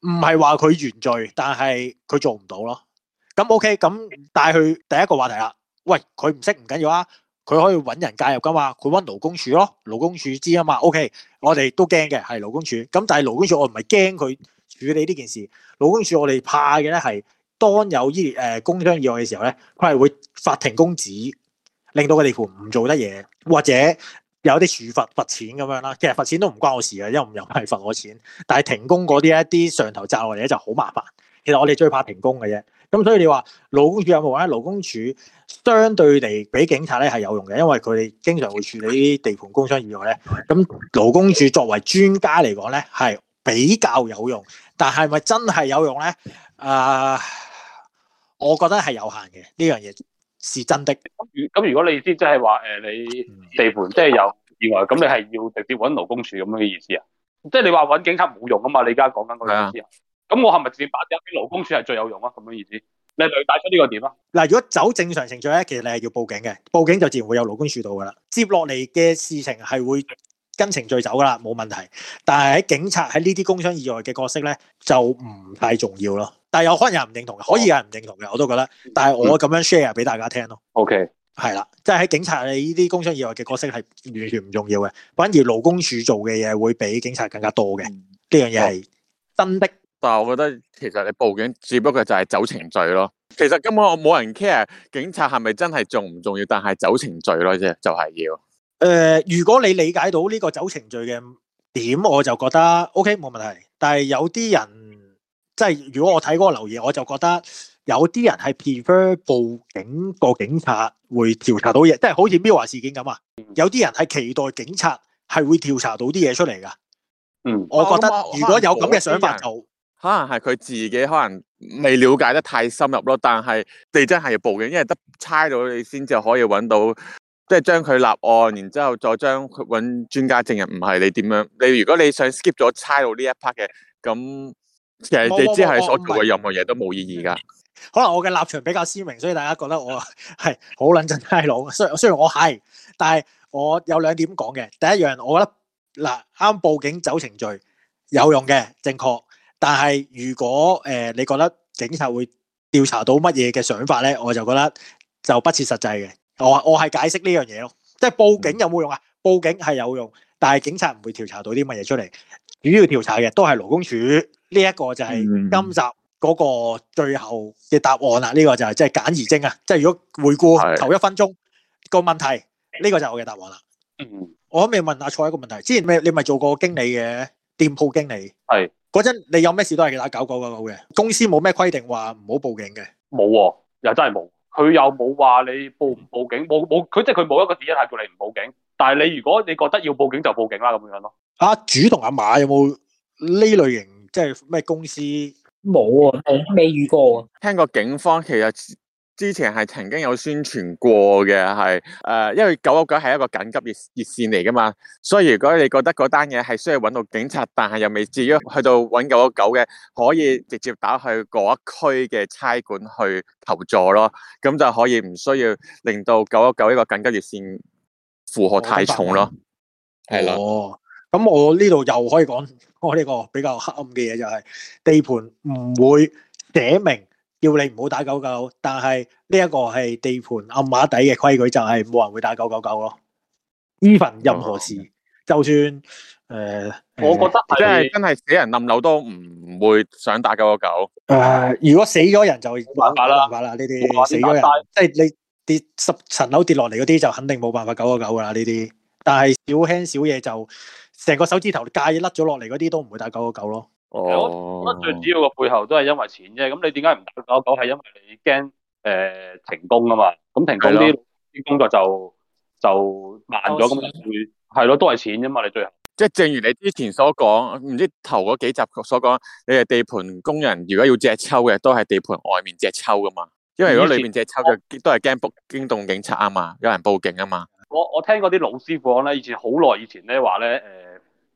唔係話佢原罪，但係佢做唔到咯。咁 OK，咁帶去第一個話題啦。喂，佢唔識唔緊要啊，佢可以揾人介入噶嘛，佢揾勞工處咯，勞工處知啊嘛，OK，我哋都驚嘅，係勞工處。咁但係勞工處，我唔係驚佢處理呢件事，勞工處我哋怕嘅咧係當有依誒工傷意外嘅時候咧，佢係會發停工紙，令到個地盤唔做得嘢，或者有啲處罰罰錢咁樣啦。其實罰錢都唔關我事嘅，因為又唔係罰我錢。但係停工嗰啲一啲上頭罩落嚟咧就好麻煩。其實我哋最怕停工嘅啫。咁所以你話勞工處有冇啊？勞工處相對地俾警察咧，係有用嘅，因為佢哋經常會處理啲地盤工傷意外咧。咁勞工處作為專家嚟講咧，係比較有用，但係咪真係有用咧？誒、呃，我覺得係有限嘅，呢樣嘢是真的。咁、嗯、如果你意思即係話誒你地盤即係有意外，咁你係要直接揾勞工處咁嘅意思啊？即係你話揾警察冇用啊嘛？你而家講緊嗰樣意思。嗯咁我係咪直接擺啲勞工處係最有用啊？咁樣意思，你係要帶出呢個點啊？嗱，如果走正常程序咧，其實你係要報警嘅，報警就自然會有勞工處到噶啦。接落嚟嘅事情係會跟程序走噶啦，冇問題。但係喺警察喺呢啲工傷以外嘅角色咧，就唔太重要咯。但係有可能有人唔認同嘅、哦，可以有人唔認同嘅，我都覺得。但係我咁樣 share 俾大家聽咯。OK，係啦，即係喺警察喺呢啲工傷以外嘅角色係完全唔重要嘅，反而勞工處做嘅嘢會比警察更加多嘅。呢樣嘢係真的。但係我覺得其實你報警只不過就係走程序咯，其實根本我冇人 care 警察係咪真係重唔重要，但係走程序咯啫，就係、是、要。誒、呃，如果你理解到呢個走程序嘅點，我就覺得 OK 冇問題。但係有啲人即係、就是、如果我睇嗰個留言，我就覺得有啲人係 prefer 報警，個警察會調查到嘢，即係好似妙華事件咁啊。有啲人係期待警察係會調查到啲嘢出嚟噶。嗯，我覺得、哦、如果有咁嘅想法就。可能係佢自己可能未了解得太深入咯，但係地真係要報警，因為得差佬你先至可以揾到，即係將佢立案，然之後再將佢揾專家證人，唔係你點樣？你如果你想 skip 咗差佬呢一 part 嘅咁，其實哋即係所做嘅任何嘢都冇意義噶。 [LAUGHS] 可能我嘅立場比較鮮明，所以大家覺得我係好捻憎差佬。雖雖然我係，但係我有兩點講嘅。第一樣，我覺得嗱啱報警走程序有用嘅，正確。但係如果誒，你覺得警察會調查到乜嘢嘅想法咧？我就覺得就不切實際嘅。我我係解釋呢樣嘢咯，即係報警有冇用啊、嗯？報警係有用，但係警察唔會調查到啲乜嘢出嚟。主要調查嘅都係勞工處呢一個就係今集嗰個最後嘅答案啦。呢、這個就係即係簡而精啊！即係如果回顧頭一分鐘個問題，呢、嗯這個就係我嘅答案啦、嗯。我未問阿蔡一個問題，之前你咪做過經理嘅。店鋪經理係嗰陣，那你有咩事都係打九九九九嘅，公司冇咩規定話唔好報警嘅。冇、喎、又真係冇，佢又冇話你報唔報警，冇冇，佢即係佢冇一個指引係叫你唔報警，但係你如果你覺得要報警就報警啦咁樣咯。阿、啊、主同阿馬有冇呢類型即係咩公司？冇啊，未遇過啊，聽過警方其實。之前係曾經有宣傳過嘅，係誒，因為九一九係一個緊急熱熱線嚟噶嘛，所以如果你覺得嗰單嘢係需要揾到警察，但係又未至於去到揾九一九嘅，可以直接打去嗰一區嘅差館去求助咯，咁就可以唔需要令到九一九呢個緊急熱線負荷太重咯。係啦，咁我呢度又可以講我呢個比較黑暗嘅嘢就係地盤唔會寫明。叫你要你唔好打九九，但係呢一個係地盤暗碼底嘅規矩，就係、是、冇人會打九九九咯。依份任何事，就算誒、呃，我覺得即、呃、真係真係死人冧樓都唔會想打九個九。誒、呃，如果死咗人就冇辦法啦，冇辦法啦。呢啲死咗人，即係你跌十層樓跌落嚟嗰啲就肯定冇辦法九個九噶啦。呢啲，但係小輕小嘢就成個手指頭嘅嘢甩咗落嚟嗰啲都唔會打九個九咯。哦、我我覺得最主要嘅背後都係因為錢啫，咁你點解唔打九九？係因為你驚誒、呃、停工啊嘛，咁停工啲啲工作就就慢咗，咁會係咯，都係錢啫嘛。你最後即係正如你之前所講，唔知頭嗰幾集所講，你哋地盤工人如果要借抽嘅，都係地盤外面借抽噶嘛。因為如果裏面借抽嘅，都係驚驚動警察啊嘛，有人報警啊嘛。我我聽嗰啲老師傅講咧，以前好耐以前咧話咧，誒、呃、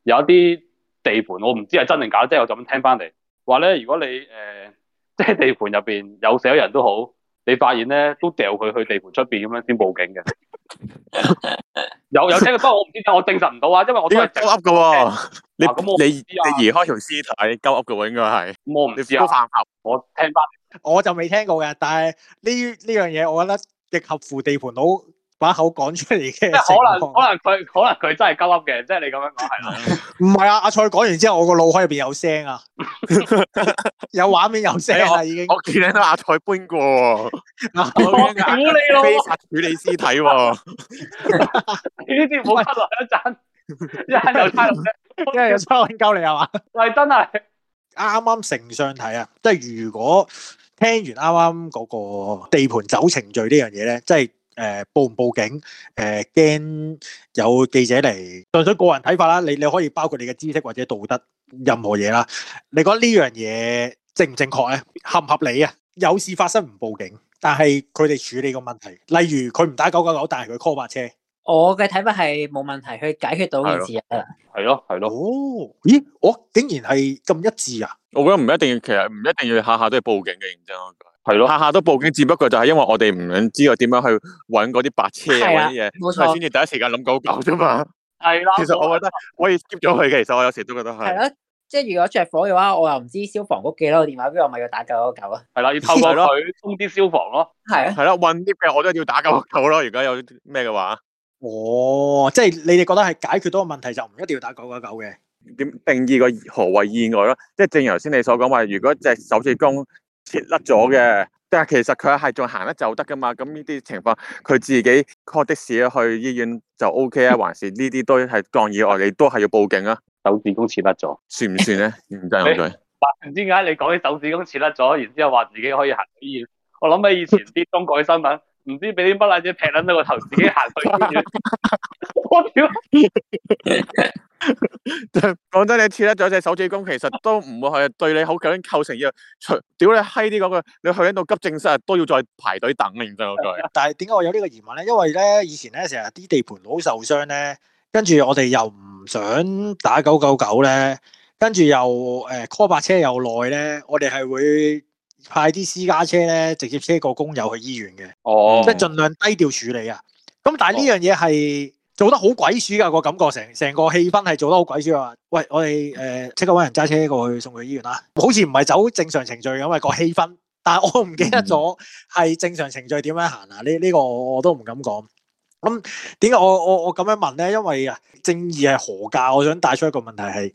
有一啲。地盤我不，我唔知係真定假，即係我咁樣聽翻嚟話咧。如果你誒，即、呃、係地盤入邊有死人都好，你發現咧都掉佢去地盤出邊咁樣先報警嘅。 [LAUGHS] 有有聽過，不過我唔知道，我證實唔到啊，因為我都係鳩噏噶喎。你咁、啊啊啊嗯嗯、我你、啊、你移開條屍體鳩噏噶喎，應該係、嗯。我唔知啊，都散合。我聽翻，我就未聽過嘅，但係呢呢樣嘢我覺得亦合乎地盤佬。把口講出嚟嘅，可能他可能佢可能佢真係鳩噏嘅，即、就、係、係、你咁樣講係啦。唔係啊，阿蔡講完之後，我個腦海入邊有聲啊， [LAUGHS] [LAUGHS] 有畫面有聲啊、哎。已經。我見到阿蔡搬過， [LAUGHS] 我估你咯，非法處理屍體喎、啊。呢啲冇得耐一陣，一頭泰龍，一差泰龍鳩你係嘛？喂，真係啱啱成相睇啊！即係如果聽完啱啱嗰個地盤走程序呢樣嘢咧，即係。誒、呃，報唔報警？誒、呃，驚有記者嚟？純粹個人睇法啦。你你可以包括你嘅知識或者道德任何嘢啦。你講呢樣嘢正唔正確咧、啊？合唔合理啊？有事發生唔報警，但係佢哋處理個問題，例如佢唔打九九九，但係佢 call 白車。我嘅睇法係冇問題，去解決到件事啊。係咯，係咯，哦，咦，我、哦、竟然係咁一致啊！我覺得唔一定要，其實唔一定要下下都係報警嘅認真係咯，下下都報警，只不過就係因為我哋唔知道點樣去揾嗰啲白車嗰啲嘢，所以先至第一時間諗九九啫嘛。係啦，其實我覺得我可以 skip 咗佢。其實我有時都覺得係。係啦，即係如果着火嘅話，我又唔知道消防局記咗個電話俾我，咪要打九九九啊？係啦，要透過佢通知消防咯。係啊。係啦，運啲嘅我都要打九九九咯。如果有咩嘅話？哦，即係你哋覺得係解決到個問題就唔一定要打九九九嘅？點定義個何謂意外咯？即係正如頭先你所講話，如果隻手指公。切甩咗嘅，但係其實佢係仲行得走得噶嘛。咁呢啲情況，佢自己 call 的士去醫院就 O K 啦，還是呢啲都係降意外，你都係要報警啦，啊。手指公切甩咗，算唔算咧？認真講句，唔知點解你講起手指公切甩咗，然之後話自己可以行去醫院。我諗起以前啲中國嘅新聞。 [LAUGHS] 唔知俾啲乜爛仔劈撚到個頭，自己行去。我屌！講 [LAUGHS] [LAUGHS] [LAUGHS] [LAUGHS] 真，你切得咗隻手指公，其實都唔會去對你好，究竟構成要除屌你閪啲嗰個？你去緊到急症室都要再排隊等，認真講句。但係點解我有呢個疑問咧？因為咧以前咧成日啲地盤佬受傷咧，跟住我哋又唔想打九九九咧，跟住又誒 call、呃、白車又耐咧，我哋係會。派啲私家車咧，直接車個工友去醫院嘅，oh. Oh. 即係盡量低調處理啊。咁但係呢樣嘢係做得好鬼鼠㗎個感覺，成成個氣氛係做得好鬼鼠啊！喂，我哋誒即刻揾人揸車過去送佢去醫院啦。好似唔係走正常程序咁啊個氣氛，但我唔記得咗係正常程序點樣行啊？呢、mm. 呢個我，我都唔敢講。咁點解我我我咁樣問咧？因為啊，正義係何解？我想帶出一個問題係，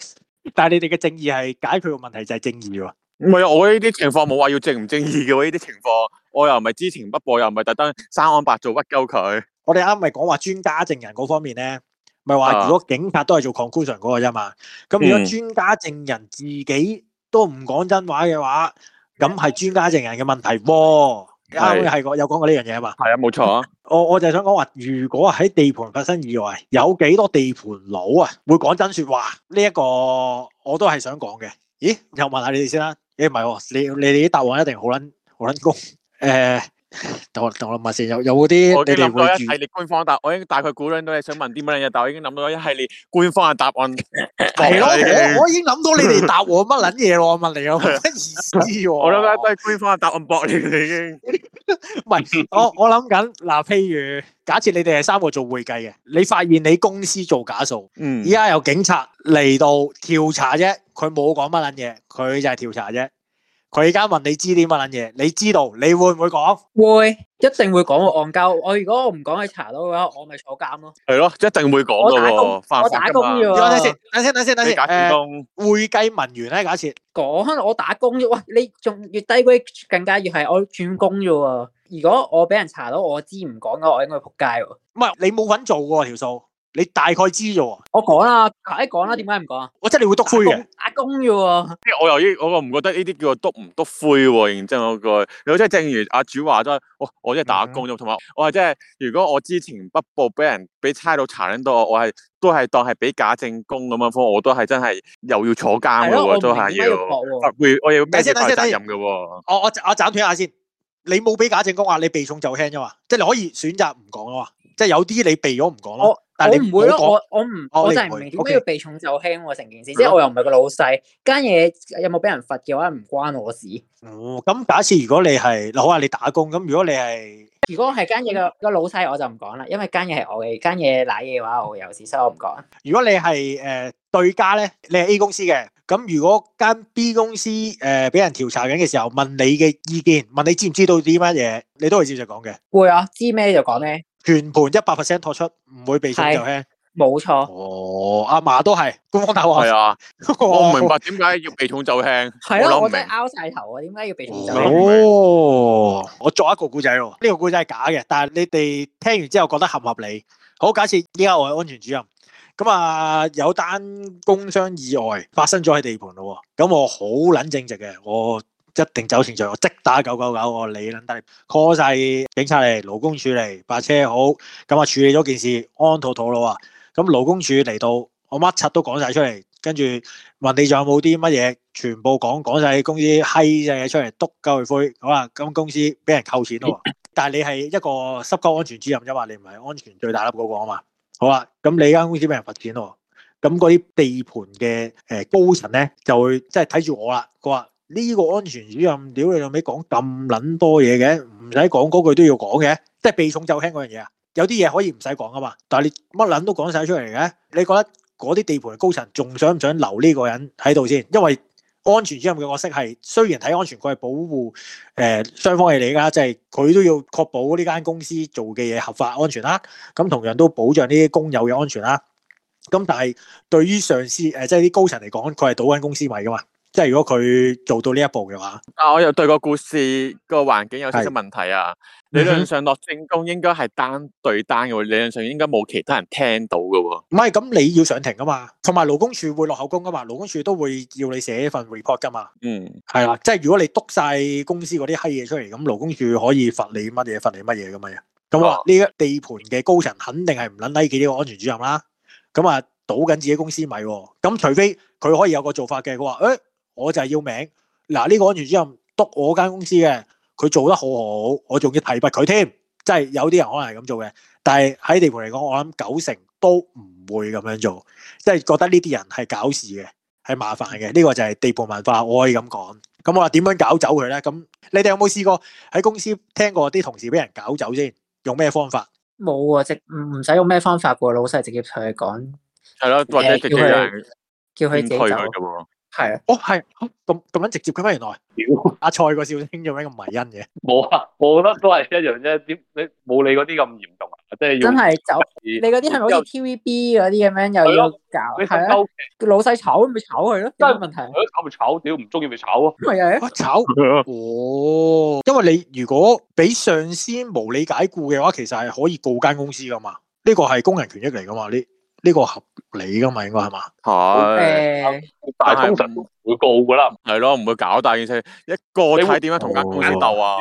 但係你哋嘅正義係解決個問題就係正義喎。唔係啊！我呢啲情況冇話要正唔正義嘅喎，呢啲情況我又唔係之前不報，又唔係特登生安白做屈鳩佢。我哋啱咪講話專家證人嗰方面咧，咪話如果警察都係做 conclusion 嗰個啫嘛。咁如果專家證人自己都唔講真話嘅話，咁、嗯、係專家證人嘅問題。啱啱係有講過呢樣嘢嘛？係啊，冇錯啊。我我就係想講話，如果喺地盤發生意外，有幾多地盤佬啊會講真說話？呢、這、一個我都係想講嘅。咦？又問下你哋先啦。誒，唔係喎，你你哋啲答案一定好撚好撚高誒。欸等我等我問先，有有嗰啲你哋會？我諗到一系列官方答，我已經大概估到你想問啲乜捻嘢，但我已經諗到一系列官方嘅答案。係咯，我我已經諗到你哋答我乜捻嘢咯，我問你，我冇乜意思。我諗緊都係官方嘅答案駁你哋已經。唔係，我我諗緊嗱，譬如假設你哋係三個做會計嘅，你發現你公司做假數，嗯，依家有警察嚟到調查啫，佢冇講乜捻嘢，佢就係調查啫。佢而家問你知點乜嘢，你知道你會唔會講？會，一定會講個戇鳩。我如果我唔講佢查到嘅話，我咪坐監咯。係咯，一定會講咯。我打工，我打工啊！等先，等先，等先。誒，會計文員咧？假設講，我打工啫，喂，你仲月底佢更加要係我轉工啫？如果我俾人查到我知唔講嘅，我應該仆街。唔係你冇份做噶條數。你大概知咋？我講啦，頭先講啦，點解唔講啊？我真係會篤灰嘅打工嘅即我由呢？我唔覺得呢啲叫督唔篤灰喎，認真、那個、你好，即係正如阿主話咗，我我即係打工，同、嗯、埋我係即係，如果我之前不報俾人俾差佬查到我，我係都係當係俾假證供咁啊，方我都係真係又要坐監嘅，的都係要，要我又要孭法律責任嘅。我我我斬斷下先，你冇俾假證供啊？你避重就輕咋嘛？即、就、係、是、你可以選擇唔講啊嘛，即、嗯、係有啲你避咗唔講咯。我唔會咯，我我唔，我真係唔明點解要避重就輕喎成件事，即係我又唔係個老細，間嘢有冇俾人罰嘅話唔關我事。哦，咁假設如果你係，好話你打工咁，如果你係，如果我係間嘢個個老細，我就唔講啦，因為間嘢係我嘅，間嘢瀨嘢話我有事，所以我唔講。如果你係誒對家咧，你係 A 公司嘅，咁如果間 B 公司誒俾人調查緊嘅時候問你嘅意見，問你知唔知道啲乜嘢，你都會照實講嘅。會啊，知咩就講咩。全盤一百 percent 托出，唔會避重就輕，冇錯。哦，阿麻都係官方大話，係啊。我唔明白點解要避重就輕。係啊，我真係拗晒頭啊，點解要避重就輕？哦，我作一個故仔喎，呢個故仔係假嘅，但係你哋聽完之後覺得合唔合理？好，假設依家我係安全主任，咁啊有單工傷意外發生咗喺地盤咯，咁我好撚正直嘅，我。一定走程序，我即打九九九，我理撚得 call 曬警察嚟，勞工處嚟，把車好咁啊！處理咗件事，安妥妥咯喎！咁勞工處嚟到，我乜柒都講晒出嚟，跟住問你仲有冇啲乜嘢？全部講講晒，啲公司閪嘢出嚟督鳩佢灰，好啊！咁公司俾人扣錢咯，但係你係一個濕鳩安全主任啫嘛，你唔係安全最大粒嗰個啊嘛，好啊！咁你間公司俾人罰錢咯，咁嗰啲地盤嘅誒高層咧就會即係睇住我啦，佢話。呢個安全主任，屌你老味講咁撚多嘢嘅，唔使講嗰句都要講嘅，即係避重就輕嗰樣嘢啊！有啲嘢可以唔使講噶嘛，但係你乜撚都講晒出嚟嘅，你覺得嗰啲地盤嘅高層仲想唔想留呢個人喺度先？因為安全主任嘅角色係雖然睇安全，佢係保護誒雙方嘅利益啦，即係佢都要確保呢間公司做嘅嘢合法安全啦，咁同樣都保障呢啲工友嘅安全啦。咁但係對於上司誒，即係啲高層嚟講，佢係倒緊公司位噶嘛。即係如果佢做到呢一步嘅話、啊，但我又對個故事個環境有少少問題啊。嗯、理論上落證供應該係單對單嘅，理論上應該冇其他人聽到嘅。唔係，咁你要上庭噶嘛？同埋勞工處會落口供噶嘛？勞工處都會要你寫份 report 噶嘛？嗯，係啊。嗯、即係如果你督晒公司嗰啲閪嘢出嚟，咁勞工處可以罰你乜嘢，罰你乜嘢咁樣。咁啊，呢個地盤嘅高層肯定係唔捻低幾呢個安全主任啦。咁啊，倒緊自己公司米喎，咁除非佢可以有個做法嘅，佢話誒。哎我就係要名，嗱，這、呢個安全主任督我間公司嘅，佢做得好好，我仲要提拔佢添，即係有啲人可能係咁做嘅。但係喺地盤嚟講，我諗九成都唔會咁樣做，即係覺得呢啲人係搞事嘅，係麻煩嘅。呢、這個就係地盤文化，我可以咁講。咁、嗯、我話點樣搞走佢咧？咁你哋有冇試過喺公司聽過啲同事俾人搞走先？用咩方法？冇啊，直唔唔使用咩方法嘅、啊？老細直接同佢講。係咯，或者直、呃、叫佢自己走係啊，哦，係咁咁樣直接佢咩？原來、啊，阿蔡個笑聲做咩咁埋因嘅？冇啊，我覺得都係一樣啫。點你冇你嗰啲咁嚴重啊？即、就、係、是、真係就你嗰啲係好似 TVB 嗰啲咁樣，又要搞係啊，啊？老細炒咪炒佢咯，有咩問題？炒咪炒，屌唔中意咪炒咯、啊。咪係、啊，我、啊、炒哦。因為你如果俾上司無理解雇嘅話，其實係可以告間公司噶嘛。呢、這個係工人權益嚟噶嘛？呢呢個合理噶嘛？應該係嘛？係，但係公司會告噶啦。係咯，唔會搞大件事。一個睇點樣同間公司鬥啊？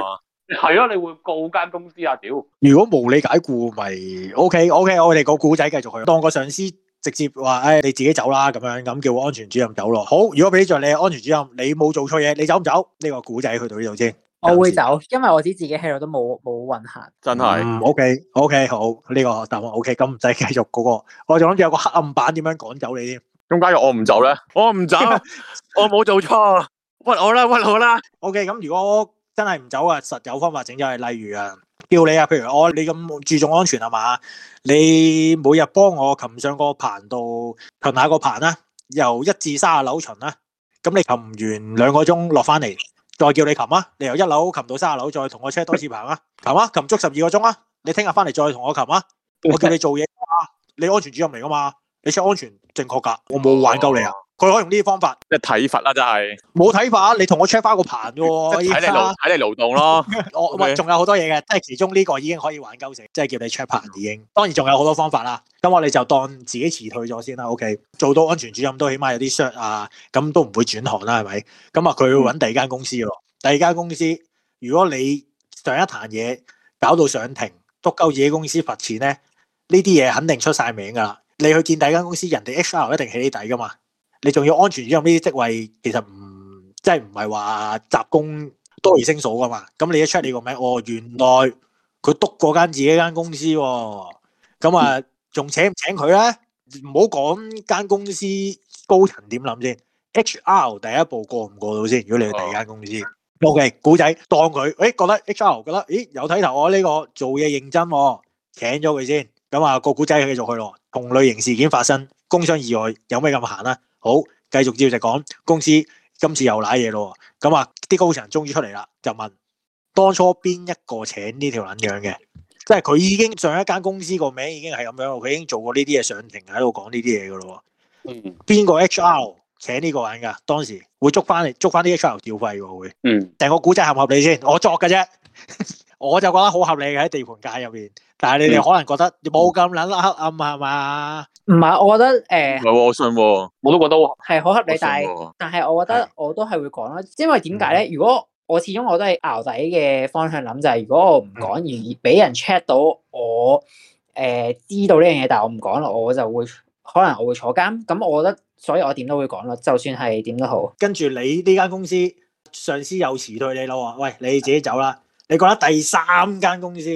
係咯，你會告間公司啊？屌！如果無理解僱，咪 O K O K。我哋個古仔繼續去，當個上司直接話，哎，你自己走啦，咁樣咁叫安全主任走咯。好，如果俾着你安全主任，你冇做錯嘢，你走唔走？呢個古仔去到呢度先。我會走，因為我自己自己都冇冇運行。真係，o k o k 好，呢、這個答案 OK，咁唔使繼續嗰個。我仲諗住有個黑暗板點樣趕走你添。鐘解我唔走咧？我唔走， [LAUGHS] 我冇做錯，屈我啦，屈好啦。OK，咁如果我真係唔走啊，實有方法整，就係例如啊，叫你啊，譬如我你咁注重安全係嘛，你每日幫我擒上個棚度，擒下個棚啦，由一至卅樓巡啦，咁你擒完兩個鐘落翻嚟。再叫你擒啊，啊！你由一樓擒到三樓，再同我車多次牌啊！擒啊！擒足十二個鐘啊！你聽日翻嚟再同我擒啊！我叫你做嘢啊！你安全主任嚟噶嘛？你 check 安全正確噶？我冇玩鳩你啊！佢可以用呢啲方法，即係睇法啦，真係冇睇法，你同我 check 翻個盤喎，睇你勞睇你勞動咯。我喂，仲有好多嘢嘅，即係、 [LAUGHS] okay。其中呢個已經可以玩鳩死，即係叫你 check 盤已經。嗯、當然仲有好多方法啦。咁我哋就當自己辭退咗先啦。OK，做到安全主任都起碼有啲 s i r t 啊，咁都唔會轉行啦，係咪？咁啊，佢會搵第二間公司咯、嗯。第二間公司，如果你上一壇嘢搞到上庭，督鳩自己公司罰錢咧，呢啲嘢肯定出晒名噶啦。你去見第二間公司，人哋 Excel 一定起底噶嘛。你仲要安全主任呢啲職位，其實唔即係唔係話集工多而升數噶嘛？咁你一 check 你個名，哦原來佢篤過間自己間公司，咁啊仲請唔請佢咧？唔好講間公司高層點諗先，H R 第一步過唔過到先？如果你去第二間公司，O K 古仔當佢，誒覺得 H R 覺得，咦有睇頭，我呢個做嘢認真，請咗佢先，咁啊個古仔繼續去咯。同類型事件發生，工傷意外有咩咁閒啊？好，繼續接住講。公司今次又瀨嘢咯，咁啊啲高層終於出嚟啦，就問當初邊一個請呢條撚樣嘅？即係佢已經上一間公司個名已經係咁樣，佢已經做過呢啲嘢上庭喺度講呢啲嘢噶咯。嗯。邊個 HR 請呢個人㗎？當時會捉翻嚟捉翻啲 HR 調費喎會。嗯。定個故仔合唔合理先？我作嘅啫， [LAUGHS] 我就覺得好合理嘅，喺地盤界入邊，但係你哋可能覺得冇咁撚黑暗係嘛？嗯。唔係，我覺得誒，唔係我信，我都覺得係好合理。但係但係，我覺得我都係會講啦，因為點解咧？如果我始終我都係牛仔嘅方向諗，就係如果我唔講而俾人 check 到我誒知道呢樣嘢，但係我唔講咯，我就會可能我會坐監。咁我覺得，所以我點都會講咯，就算係點都好。跟住你呢間公司上司又辭退你咯？喂，你自己走啦。你覺得第三間公司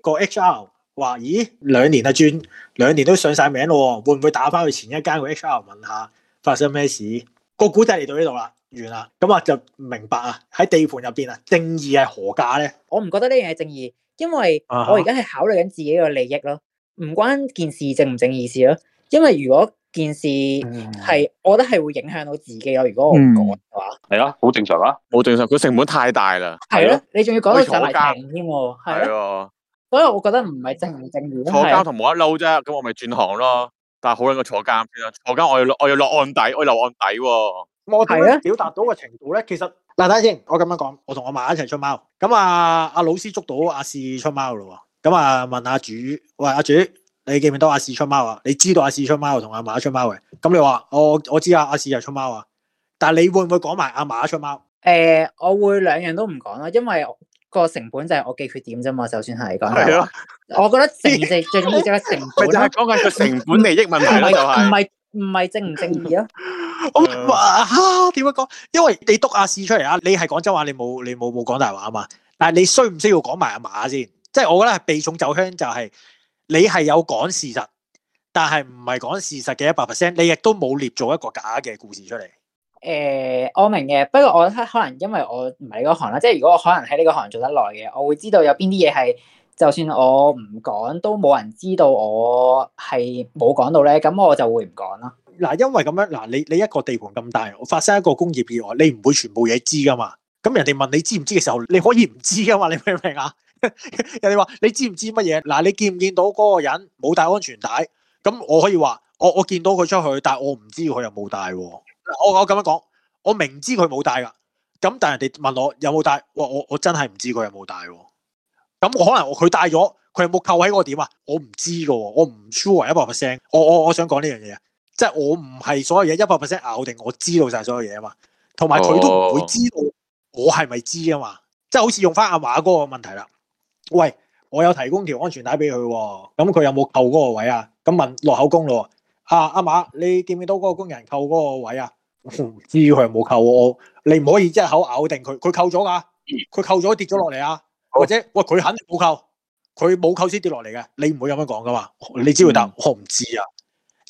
個 HR？話咦，兩年啊，轉兩年都上晒名咯，會唔會打翻去前一間個 HR 問下發生咩事？個古仔嚟到呢度啦，完啦，咁啊就明白啊，喺地盤入邊啊，正義係何價咧？我唔覺得呢樣係正義，因為我而家係考慮緊自己嘅利益咯，唔、啊、關件事正唔正義事咯。因為如果件事係、嗯，我覺得係會影響到自己咯。如果我唔講嘅話，係、嗯、咯，好正常啊，冇正常，佢成本太大啦。係咯，你仲要講到走嚟平添，係啊。所以我覺得唔係正唔正路，坐監同冇得撈啫，咁我咪轉行咯。但係好喺個坐監先啦，坐監我要我要落案底，我要落案底。咁我係啊，表達到個程度咧，其實嗱，睇、啊、先，我咁樣講，我同阿嫲一齊出貓。咁啊，阿老師捉到阿四出貓啦。咁啊，問阿主，喂，阿主，你記唔記得阿四出貓啊？你知道阿四出貓同阿嫲出貓嘅？咁你話，我我知阿阿四就出貓啊，但係你會唔會講埋阿嫲出貓？誒、欸，我會兩樣都唔講啦，因為我個成本就係我嘅缺點啫嘛，就算係講係咯，我覺得成正最緊要就係成本啦。咪就係講緊個成本利益問題啦，又係唔係唔係正唔正義啊？哇嚇！點解講？因為你篤亞視出嚟啊，你係廣州話，你冇你冇冇講大話啊嘛？但係你需唔需要講埋阿馬先？即係我覺得係避重就輕，就係你係有講事實，但係唔係講事實嘅一百 percent，你亦都冇捏造一個假嘅故事出嚟。誒、呃，我明嘅，不過我可能因為我唔係嗰行啦，即係如果我可能喺呢個行做得耐嘅，我會知道有邊啲嘢係就算我唔講都冇人知道我係冇講到咧，咁我就會唔講啦。嗱，因為咁樣，嗱，你你一個地盤咁大，我發生一個工業意外，你唔會全部嘢知噶嘛。咁人哋問你知唔知嘅時候，你可以唔知噶嘛，你明唔明啊？ [LAUGHS] 人哋話你知唔知乜嘢？嗱，你見唔見到嗰個人冇帶安全帶？咁我可以話我我見到佢出去，但我唔知佢有冇帶喎。我我咁樣講，我明知佢冇帶噶，咁但係人哋問我有冇帶，我我我真係唔知佢有冇帶，咁我可能佢帶咗，佢有冇扣喺個點啊？我唔知噶，我唔 sure 一百 percent。我我我想講呢樣嘢啊，即係我唔係所有嘢一百 percent 咬定我知道晒所有嘢啊嘛，同埋佢都唔會知道我係咪知噶嘛，即、哦、係好似用翻阿馬哥嘅問題，阿馬嗰個問題啦。喂，我有提供條安全帶俾佢，咁佢有冇扣嗰個位啊？咁問落口供咯，啊阿馬，你見唔見到嗰個工人扣嗰個位啊？唔知佢有冇扣我？你唔可以一口咬定佢，佢扣咗噶，佢扣咗跌咗落嚟啊！或者喂，佢肯定冇扣，佢冇扣先跌落嚟嘅，你唔會咁樣講噶嘛？你只會答我唔知啊，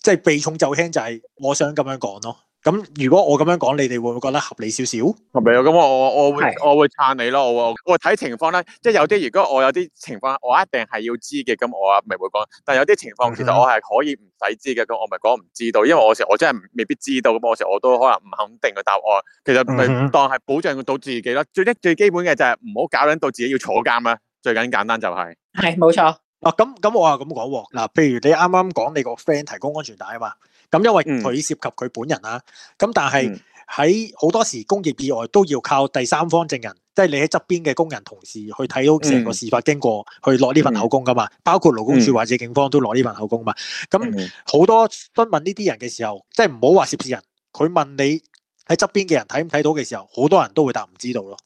即係避重就輕就係我想咁樣講咯。咁如果我咁樣講，你哋會唔會覺得合理少少？唔係啊，咁我我我會我會撐你咯。我我睇情況啦，即係有啲如果我有啲情況，我一定係要知嘅。咁我啊咪會講。但係有啲情況，嗯，其實我係可以唔使知嘅。咁我咪講唔知道，因為我時我真係未必知道。咁我時我都可能唔肯定嘅答案。其實咪當係保障到自己啦，嗯。最最基本嘅就係唔好搞撚到自己要坐監啦。最緊簡單就係係冇錯。哦，咁咁，啊，我啊咁講。嗱，譬如你啱啱講你個 friend 提供安全帶啊嘛。咁因為佢涉及佢本人啦，咁但係喺好多時工業意外都要靠第三方證人，即係你喺側邊嘅工人同事去睇到成個事發經過，去攞呢份口供噶嘛，包括勞工處或者警方都攞呢份口供嘛。咁好多詢問呢啲人嘅時候，即係唔好話涉事人，佢問你喺側邊嘅人睇唔睇到嘅時候，好多人都會答唔知道咯。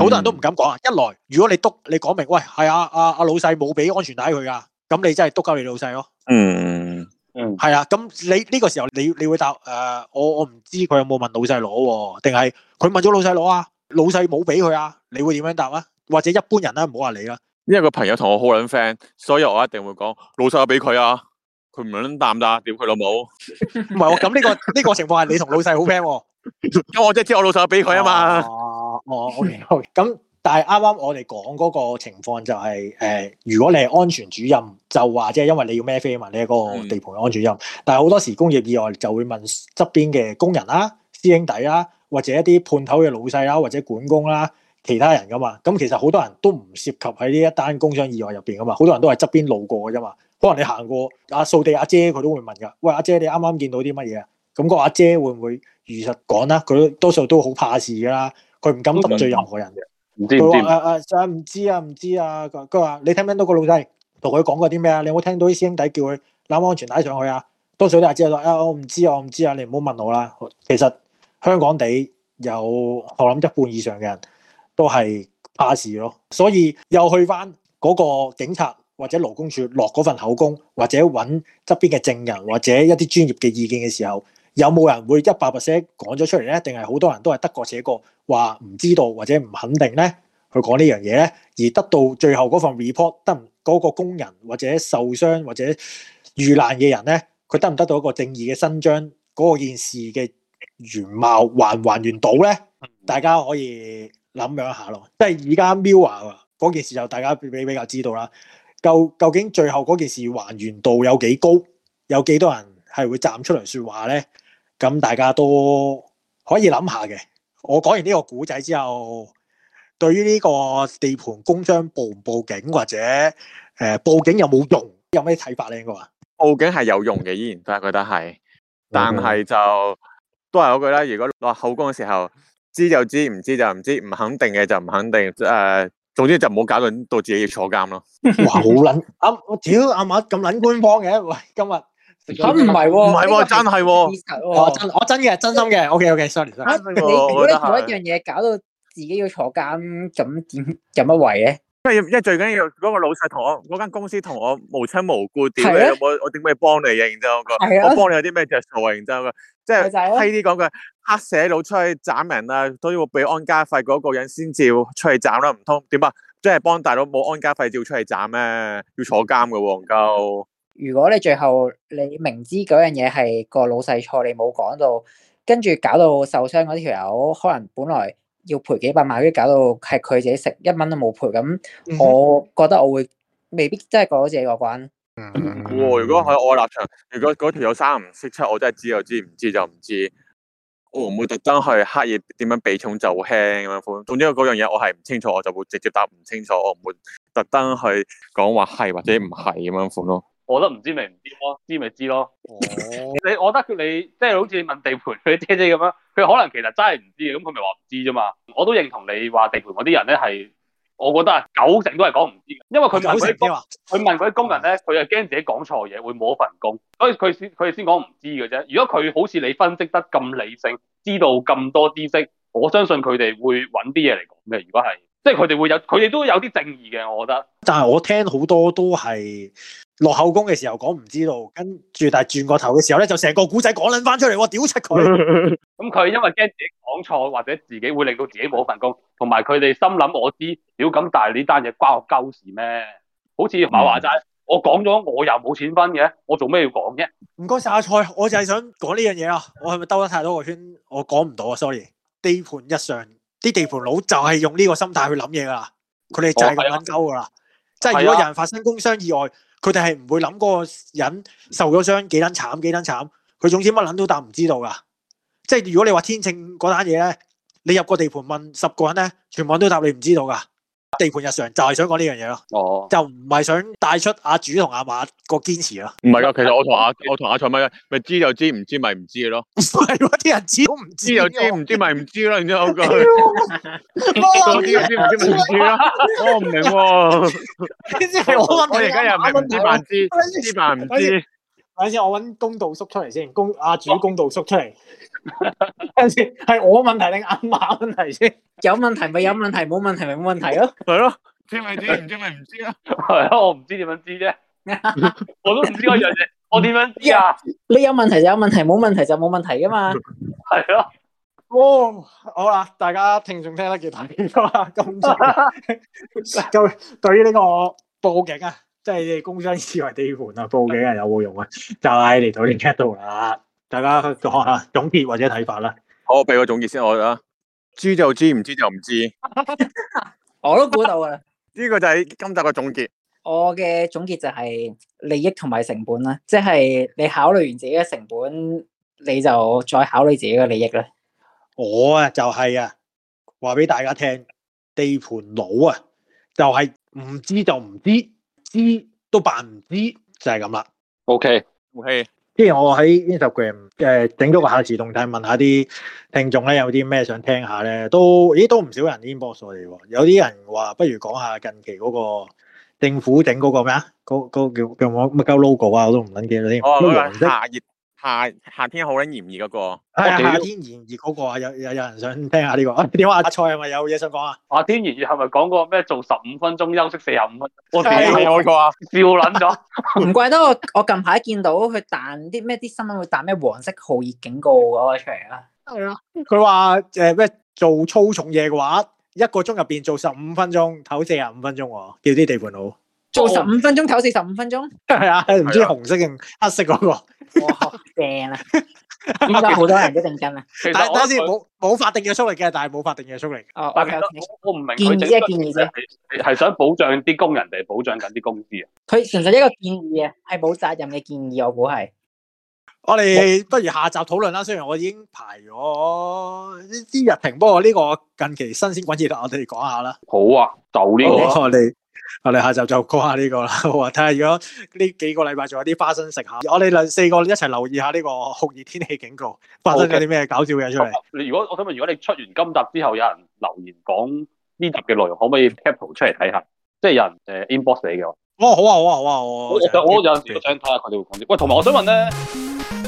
好多人都唔敢講啊，一來如果你督，你講明，喂係啊啊啊老細冇俾安全帶佢噶，咁你真係督鳩你老細咯。嗯。嗯，係啊，咁你呢個時候你你會答誒，我我唔知佢有冇問老細攞喎，定係佢問咗老細攞啊？老細冇俾佢啊？你會點樣答啊？或者一般人啦，唔好話你啊，因為個朋友同我好撚 friend，所以我一定會講老細俾佢啊，佢唔撚唔啦，屌佢老母。唔係，我咁呢個呢個情況係你同老細好 friend，咁我即係知我老細俾佢啊嘛。哦，哦，OK，OK，咁。但係啱啱我哋講嗰個情況就係、是、如果你係安全主任，就話即係因為你要孭飛啊嘛，你係個地盤嘅安全主任。但係好多時工業意外就會問側邊嘅工人啦、啊、師兄弟啦、啊，或者一啲判頭嘅老細啦、啊，或者管工啦、啊，其他人噶嘛。咁其實好多人都唔涉及喺呢一單工商意外入邊噶嘛。好多人都係側邊路過㗎啫嘛。可能你行過阿掃、啊、地阿、啊、姐，佢都會問噶，喂，阿姐，你啱啱見到啲乜嘢啊？咁個阿姐會唔會如實講啦？佢多數都好怕事㗎啦，佢唔敢得罪任何人嘅。佢話：誒誒，就唔知啊，唔知啊。佢佢話：你聽唔聽到個老細同佢講過啲咩啊？你有冇聽到啲師兄弟叫佢攬安全帶上去啊？多數啲阿姐都說說：誒、哎，我唔知啊，我唔知啊。你唔好問我啦。其實香港地有我諗一半以上嘅人都係怕事咯，所以又去翻嗰個警察或者勞工處落嗰份口供，或者揾側邊嘅證人或者一啲專業嘅意見嘅時候，有冇人會一百 percent 講咗出嚟咧？定係好多人都係得過且過，話唔知道或者唔肯定咧，去講呢樣嘢咧？而得到最後嗰份 report，得唔嗰、嗰個工人或者受傷或者遇難嘅人咧，佢得唔得到一個正義嘅伸張？嗰件事嘅原貌還還原到咧？大家可以諗樣下咯，即係而家 Mirror 嗰件事就大家比比較知道啦。究究竟最後嗰件事還原度有幾高？有幾多人係會站出嚟說話咧？咁大家都可以諗下嘅。我講完呢個古仔之後，對於呢個地盤工傷報唔報警，或者誒、呃、報警有冇用，有咩睇法咧？應該話報警係有用嘅，依然都係覺得係。但係就、嗯、都係嗰句啦。如果落口供嘅時候，知就知，唔知就唔知，唔肯定嘅就唔肯定。誒、呃，總之就唔好搞到到自己要坐監咯。 [LAUGHS] 哇！好撚阿，我屌阿馬咁撚官方嘅，喂今日。咁唔係喎，唔係喎，真係喎，我真我真嘅，真心嘅，OK OK，sorry sorry, sorry，啊。如果你做一樣嘢搞到自己要坐監，咁點？咁乜為咧？因為因為最緊要嗰、嗰個老細同我嗰間公司同我無親無故，點有冇，我點可以幫你我啊？真？之我我幫你有啲咩藉口啊？然之後嘅，即係衰啲講句黑社佬出去斬人啊，都要俾安家費嗰個人先照出去斬啦。唔通點啊？即係幫大佬冇安家費照出去斬咩？要坐監嘅喎，鳩。嗯如果你最後你明知嗰樣嘢係個老細錯，你冇講到，跟住搞到受傷嗰條友，可能本來要賠幾百萬，跟住搞到係佢自己食一蚊都冇賠，咁我覺得我會未必真係過咗自己個關。嗯，哦。如果喺我的立場，如果嗰條友三唔識七，我真係知就知，唔知就唔知。我唔會特登去刻意點樣避重就輕咁樣款。總之嗰樣嘢我係唔清楚，我就會直接答唔清楚。我唔會特登去講話係或者唔係咁樣款咯。我覺得唔知咪唔知咯，知咪知咯。你我覺得佢 [LAUGHS] 你即係、就是、好似問地盤佢姐姐咁樣，佢可能其實真係唔知嘅，咁佢咪話唔知啫嘛。我都認同你話地盤嗰啲人咧係，我覺得啊，九成都係講唔知嘅，因為佢問佢佢嗰啲工人咧，佢又驚自己講錯嘢會冇一份工，所以佢先佢哋先講唔知嘅啫。如果佢好似你分析得咁理性，知道咁多知識，我相信佢哋會揾啲嘢嚟講嘅。如果係。即係佢哋會有，佢哋都有啲正義嘅，我覺得。但係我聽好多都係落口供嘅時候講唔知道，跟住但係轉個頭嘅時候咧，就成個古仔講捻翻出嚟，我屌出佢。咁 [LAUGHS] 佢、嗯、因為驚自己講錯，或者自己會令到自己冇份工，同埋佢哋心諗我知道，屌咁大呢單嘢關我鳩事咩？好似馬華仔，我講咗我又冇錢分嘅，我做咩要講啫？唔該晒阿蔡，我就係想講呢樣嘢啊。我係咪兜得太多個圈？我講唔到啊，sorry。地盤一上。啲地盤佬就係用呢個心態去諗嘢噶啦，佢哋就係咁撚鳩噶啦。即係如果有人發生工傷意外，佢哋係唔會諗嗰個人受咗傷幾撚慘幾撚慘，佢總之乜撚都答唔知道噶。即係如果你話天秤嗰單嘢咧，你入個地盤問十個人咧，全部人都答你唔知道噶。地盤日常就係想講呢樣嘢咯，就唔係想帶出主和阿主同阿馬個堅持咯。唔係噶，其實我同阿我同阿蔡咪咪知就知，就知，唔知咪唔知咯。唔係啲人知，我唔知又知，唔知咪唔知咯。然之後佢唔知唔知唔知咪唔知咯。我唔明，點知係我？我而家又唔係唔知扮知，知扮唔知。 [LAUGHS] 不知不知道 [LAUGHS] 等先，我揾公道叔出嚟先。公阿主公道叔出嚟、哦，等陣先係我問題定阿媽問題先？有問題咪有問題，冇問題咪冇問題咯、啊。係咯，知咪知，唔知咪唔知咯。係啊，我唔知點樣知啫。我都唔知嗰樣嘢，我點樣知啊？Yeah, 你有問題就有問題，冇問題就冇問題噶嘛。係咯、哦。好啦，大家聽眾聽得叫唔？咁多啊，咁多。咁，對於呢個報警啊。即係你公參私圍地盤啊！報警啊，有冇用啊？就係嚟到連 cut 到啦！大家講下總結或者睇法啦。好，我俾個總結先我啦，知就知，唔知就唔知。 [LAUGHS] 我都估到噶啦。呢、呢個就係今集嘅總結。我嘅總結就係利益同埋成本啦，即、就、係、是、你考慮完自己嘅成本，你就再考慮自己嘅利益啦。我啊，就係啊，話俾大家聽，地盤佬啊，就係唔知就唔知。都知都扮唔知就係咁啦。O K，即係我喺 Instagram 誒整咗個下自動態，問下啲聽眾咧有啲咩想聽下咧，都咦都唔少人 inbox 我哋。有啲人話不如講下近期嗰個政府整嗰個咩啊？嗰嗰、那個、叫叫我乜鳩 logo 啊？我都唔捻記咗添。哦夏夏天好撚炎熱嗰個，夏天炎熱嗰個啊，有有有人想聽下呢、這個？點、啊、阿、啊、蔡係咪有嘢想講啊？夏天炎熱係咪講過咩做十五分鐘休息四十五分鐘、那個？ [LAUGHS] 我哋係咪嗰個啊？笑捻咗，唔怪得我我近排見到佢彈啲咩啲新聞會彈咩黃色酷熱警告嗰個出嚟啦。係啊，佢話誒咩做粗重嘢嘅話，一個鐘入邊做十五分鐘，唞四十五分鐘。叫啲地盤佬。做十五分鐘，唞四十五分鐘。係啊，唔知紅色定黑色嗰個的。我、 [LAUGHS] 哦、學醒啦，點解好多人都認真等等定定、哦、okay, okay 啊？但係我先冇冇法定約束力嘅，但係冇法定約束力。我唔明建議嘅建議啫，係想保障啲工人哋保障緊啲工資啊？佢純粹一個建議啊，係冇責任嘅建議，我估係。我哋不如下集討論啦。雖然我已經排咗呢啲日程，不過呢個近期新鮮滾熱，我哋講下啦。好啊，就呢、這個、okay. 我哋。我哋下集就講下呢個啦，我睇下如果呢幾個禮拜仲有啲花生食下，我哋兩四個一齊留意一下呢個酷熱天氣警告，發生啲咩搞笑嘢出嚟。你，okay. 如果我想問，如果你出完今集之後有人留言講呢集嘅內容，可唔可以 cap 圖出嚟睇下？即係有人誒 inbox 你嘅。哦，好啊，好啊，好啊，好啊好啊，我我有陣時想睇下佢哋會講啲。喂，同埋我想問咧。嗯